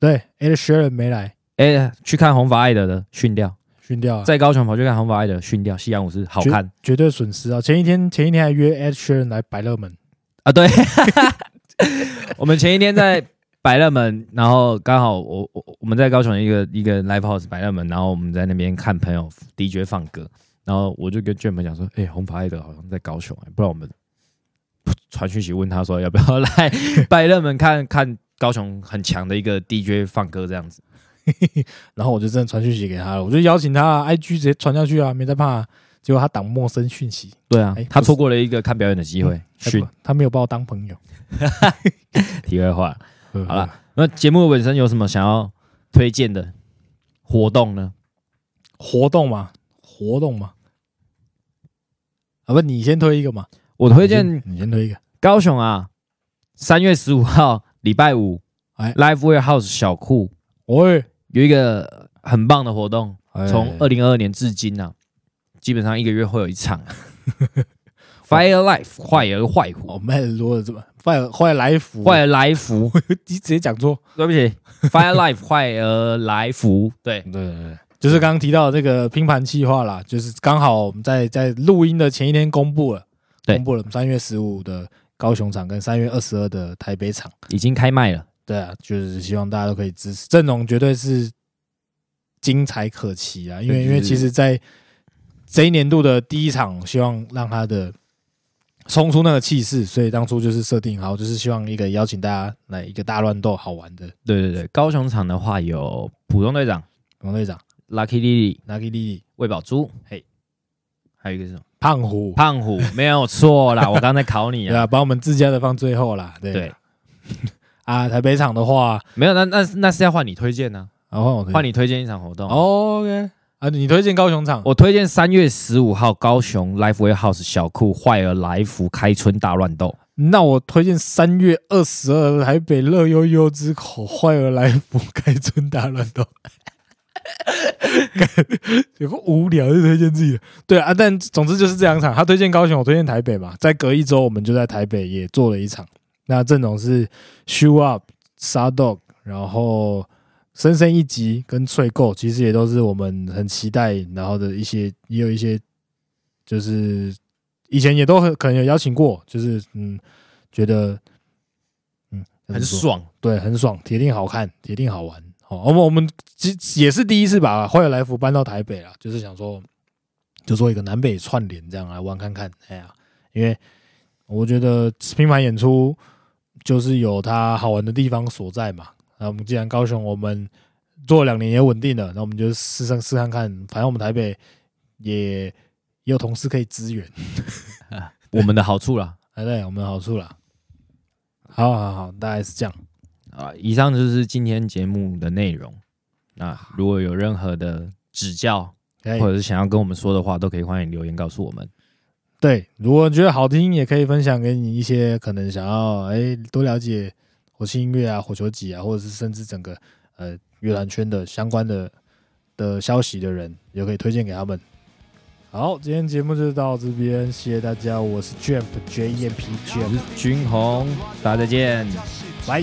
對，Ed Sheeran 沒來，Ed，去看紅髮艾德的訓掉。燻掉、啊，在高雄跑去看紅髮艾德燻掉，夕陽武士好看絕，絕對損失啊！前一天前一天還約艾特 n 來百樂門啊，對， <laughs> <laughs> 我們前一天在百樂門，然後剛好我我我們在高雄一個一個 live house 百樂門，然後我們在那邊看朋友 DJ 放歌，然後我就跟捲門講說，哎、欸，紅髮艾德好像在高雄，欸，不然我們傳訊息問他說要不要來百樂門看看高雄很強的一個 DJ 放歌這樣子。 <laughs> 然後我就真的傳訊息給他了，我就邀請他、啊、，IG 直接傳下去啊，沒在怕、啊。結果他擋陌生訊息，對啊，欸、他錯過了一個看表演的機會。嗯、訊他沒有把我當朋友 <laughs> 化。題外話，好了呵，那節目本身有什麼想要推薦的活動呢？活動嘛，活動嘛，啊不，你先推一個嘛。我推薦你，你先推一個，高雄啊，三月十五號禮拜五、欸、，Live Warehouse 小庫，欸有一個很棒的活動，從二零二二年至今、啊、哎哎哎基本上一個月會有一場。 <laughs> Fire Live 壞而壞福哦，慢、哦、多了，怎麼壞壞來，來福？壞來福？你直接講錯，對不起。Fire Live 壞 <laughs> 而來福，對對對，對對，就是剛剛提到這個拼盤計劃啦，就是剛好我們在在錄音的前一天公布了，對公布了三月十五的高雄場跟三月二十二的台北場已經開賣了。對啊，就是希望大家都可以支持陣容，絕對是精彩可期啊！因為因為其實，在這一年度的第一場，希望讓他的衝出那個氣勢，所以當初就是設定好，就是希望一個邀請大家來一個大亂鬥，好玩的。對對對，高雄場的話有普通隊長、普通隊長、Lucky L Lily、Lucky Lily、魏寶珠，嘿，hey, 還有一個是什麼？胖虎，胖虎沒有錯啦！ <laughs> 我剛才考你啊。對啊，把我們自家的放最後啦，對、啊。對。啊，台北場的話沒有，那那那是要換你推薦呢、啊。然後換、啊、你推薦一場活動、啊。Oh, OK，啊，你推薦高雄場，我推薦三月十五號高雄 Live Warehouse 小庫 Fire Live 開春大亂鬥。那我推薦三月二十二台北樂悠悠之口 Fire Live 開春大亂鬥。 <laughs> 有個無聊就推薦自己的，對啊，但總之就是這兩場，他推薦高雄，我推薦台北嘛。再隔一周，我們就在台北也做了一場。那陣容是 Show Up、殺豆，然後深深一集跟翠夠，其實也都是我們很期待，然後的一些也有一些，就是以前也都很可能有邀請過，就是嗯，覺得嗯很爽，對，很爽，鐵定好看，鐵定好玩。哦，我們我們也是第一次把《Fire Live》搬到台北啦，就是想說，就做一個南北串聯，這樣來玩看看。哎呀，因為我覺得拼盤演出。就是有它好玩的地方所在嘛。那我們既然高雄我們做了兩年也穩定了，那我們就試上試，試看看。反正我們台北也，也有同事可以支援， <laughs> <laughs> 我們的好處啦、哎，對，我們的好處啦。好，好，好，好，大概是這樣啊。以上就是今天節目的內容。那如果有任何的指教，好或者是想要跟我們說的話，可以都可以歡迎留言告訴我們。對，如果你覺得好聽，也可以分享給你一些可能想要哎，多了解火氣音樂啊、火球祭啊，或者是甚至整個呃樂團圈的相關的的消息的人，也可以推薦給他們。好，今天節目就到這邊，謝謝大家，我是 JUMP JNP JUMP 君宏，大家再見，拜。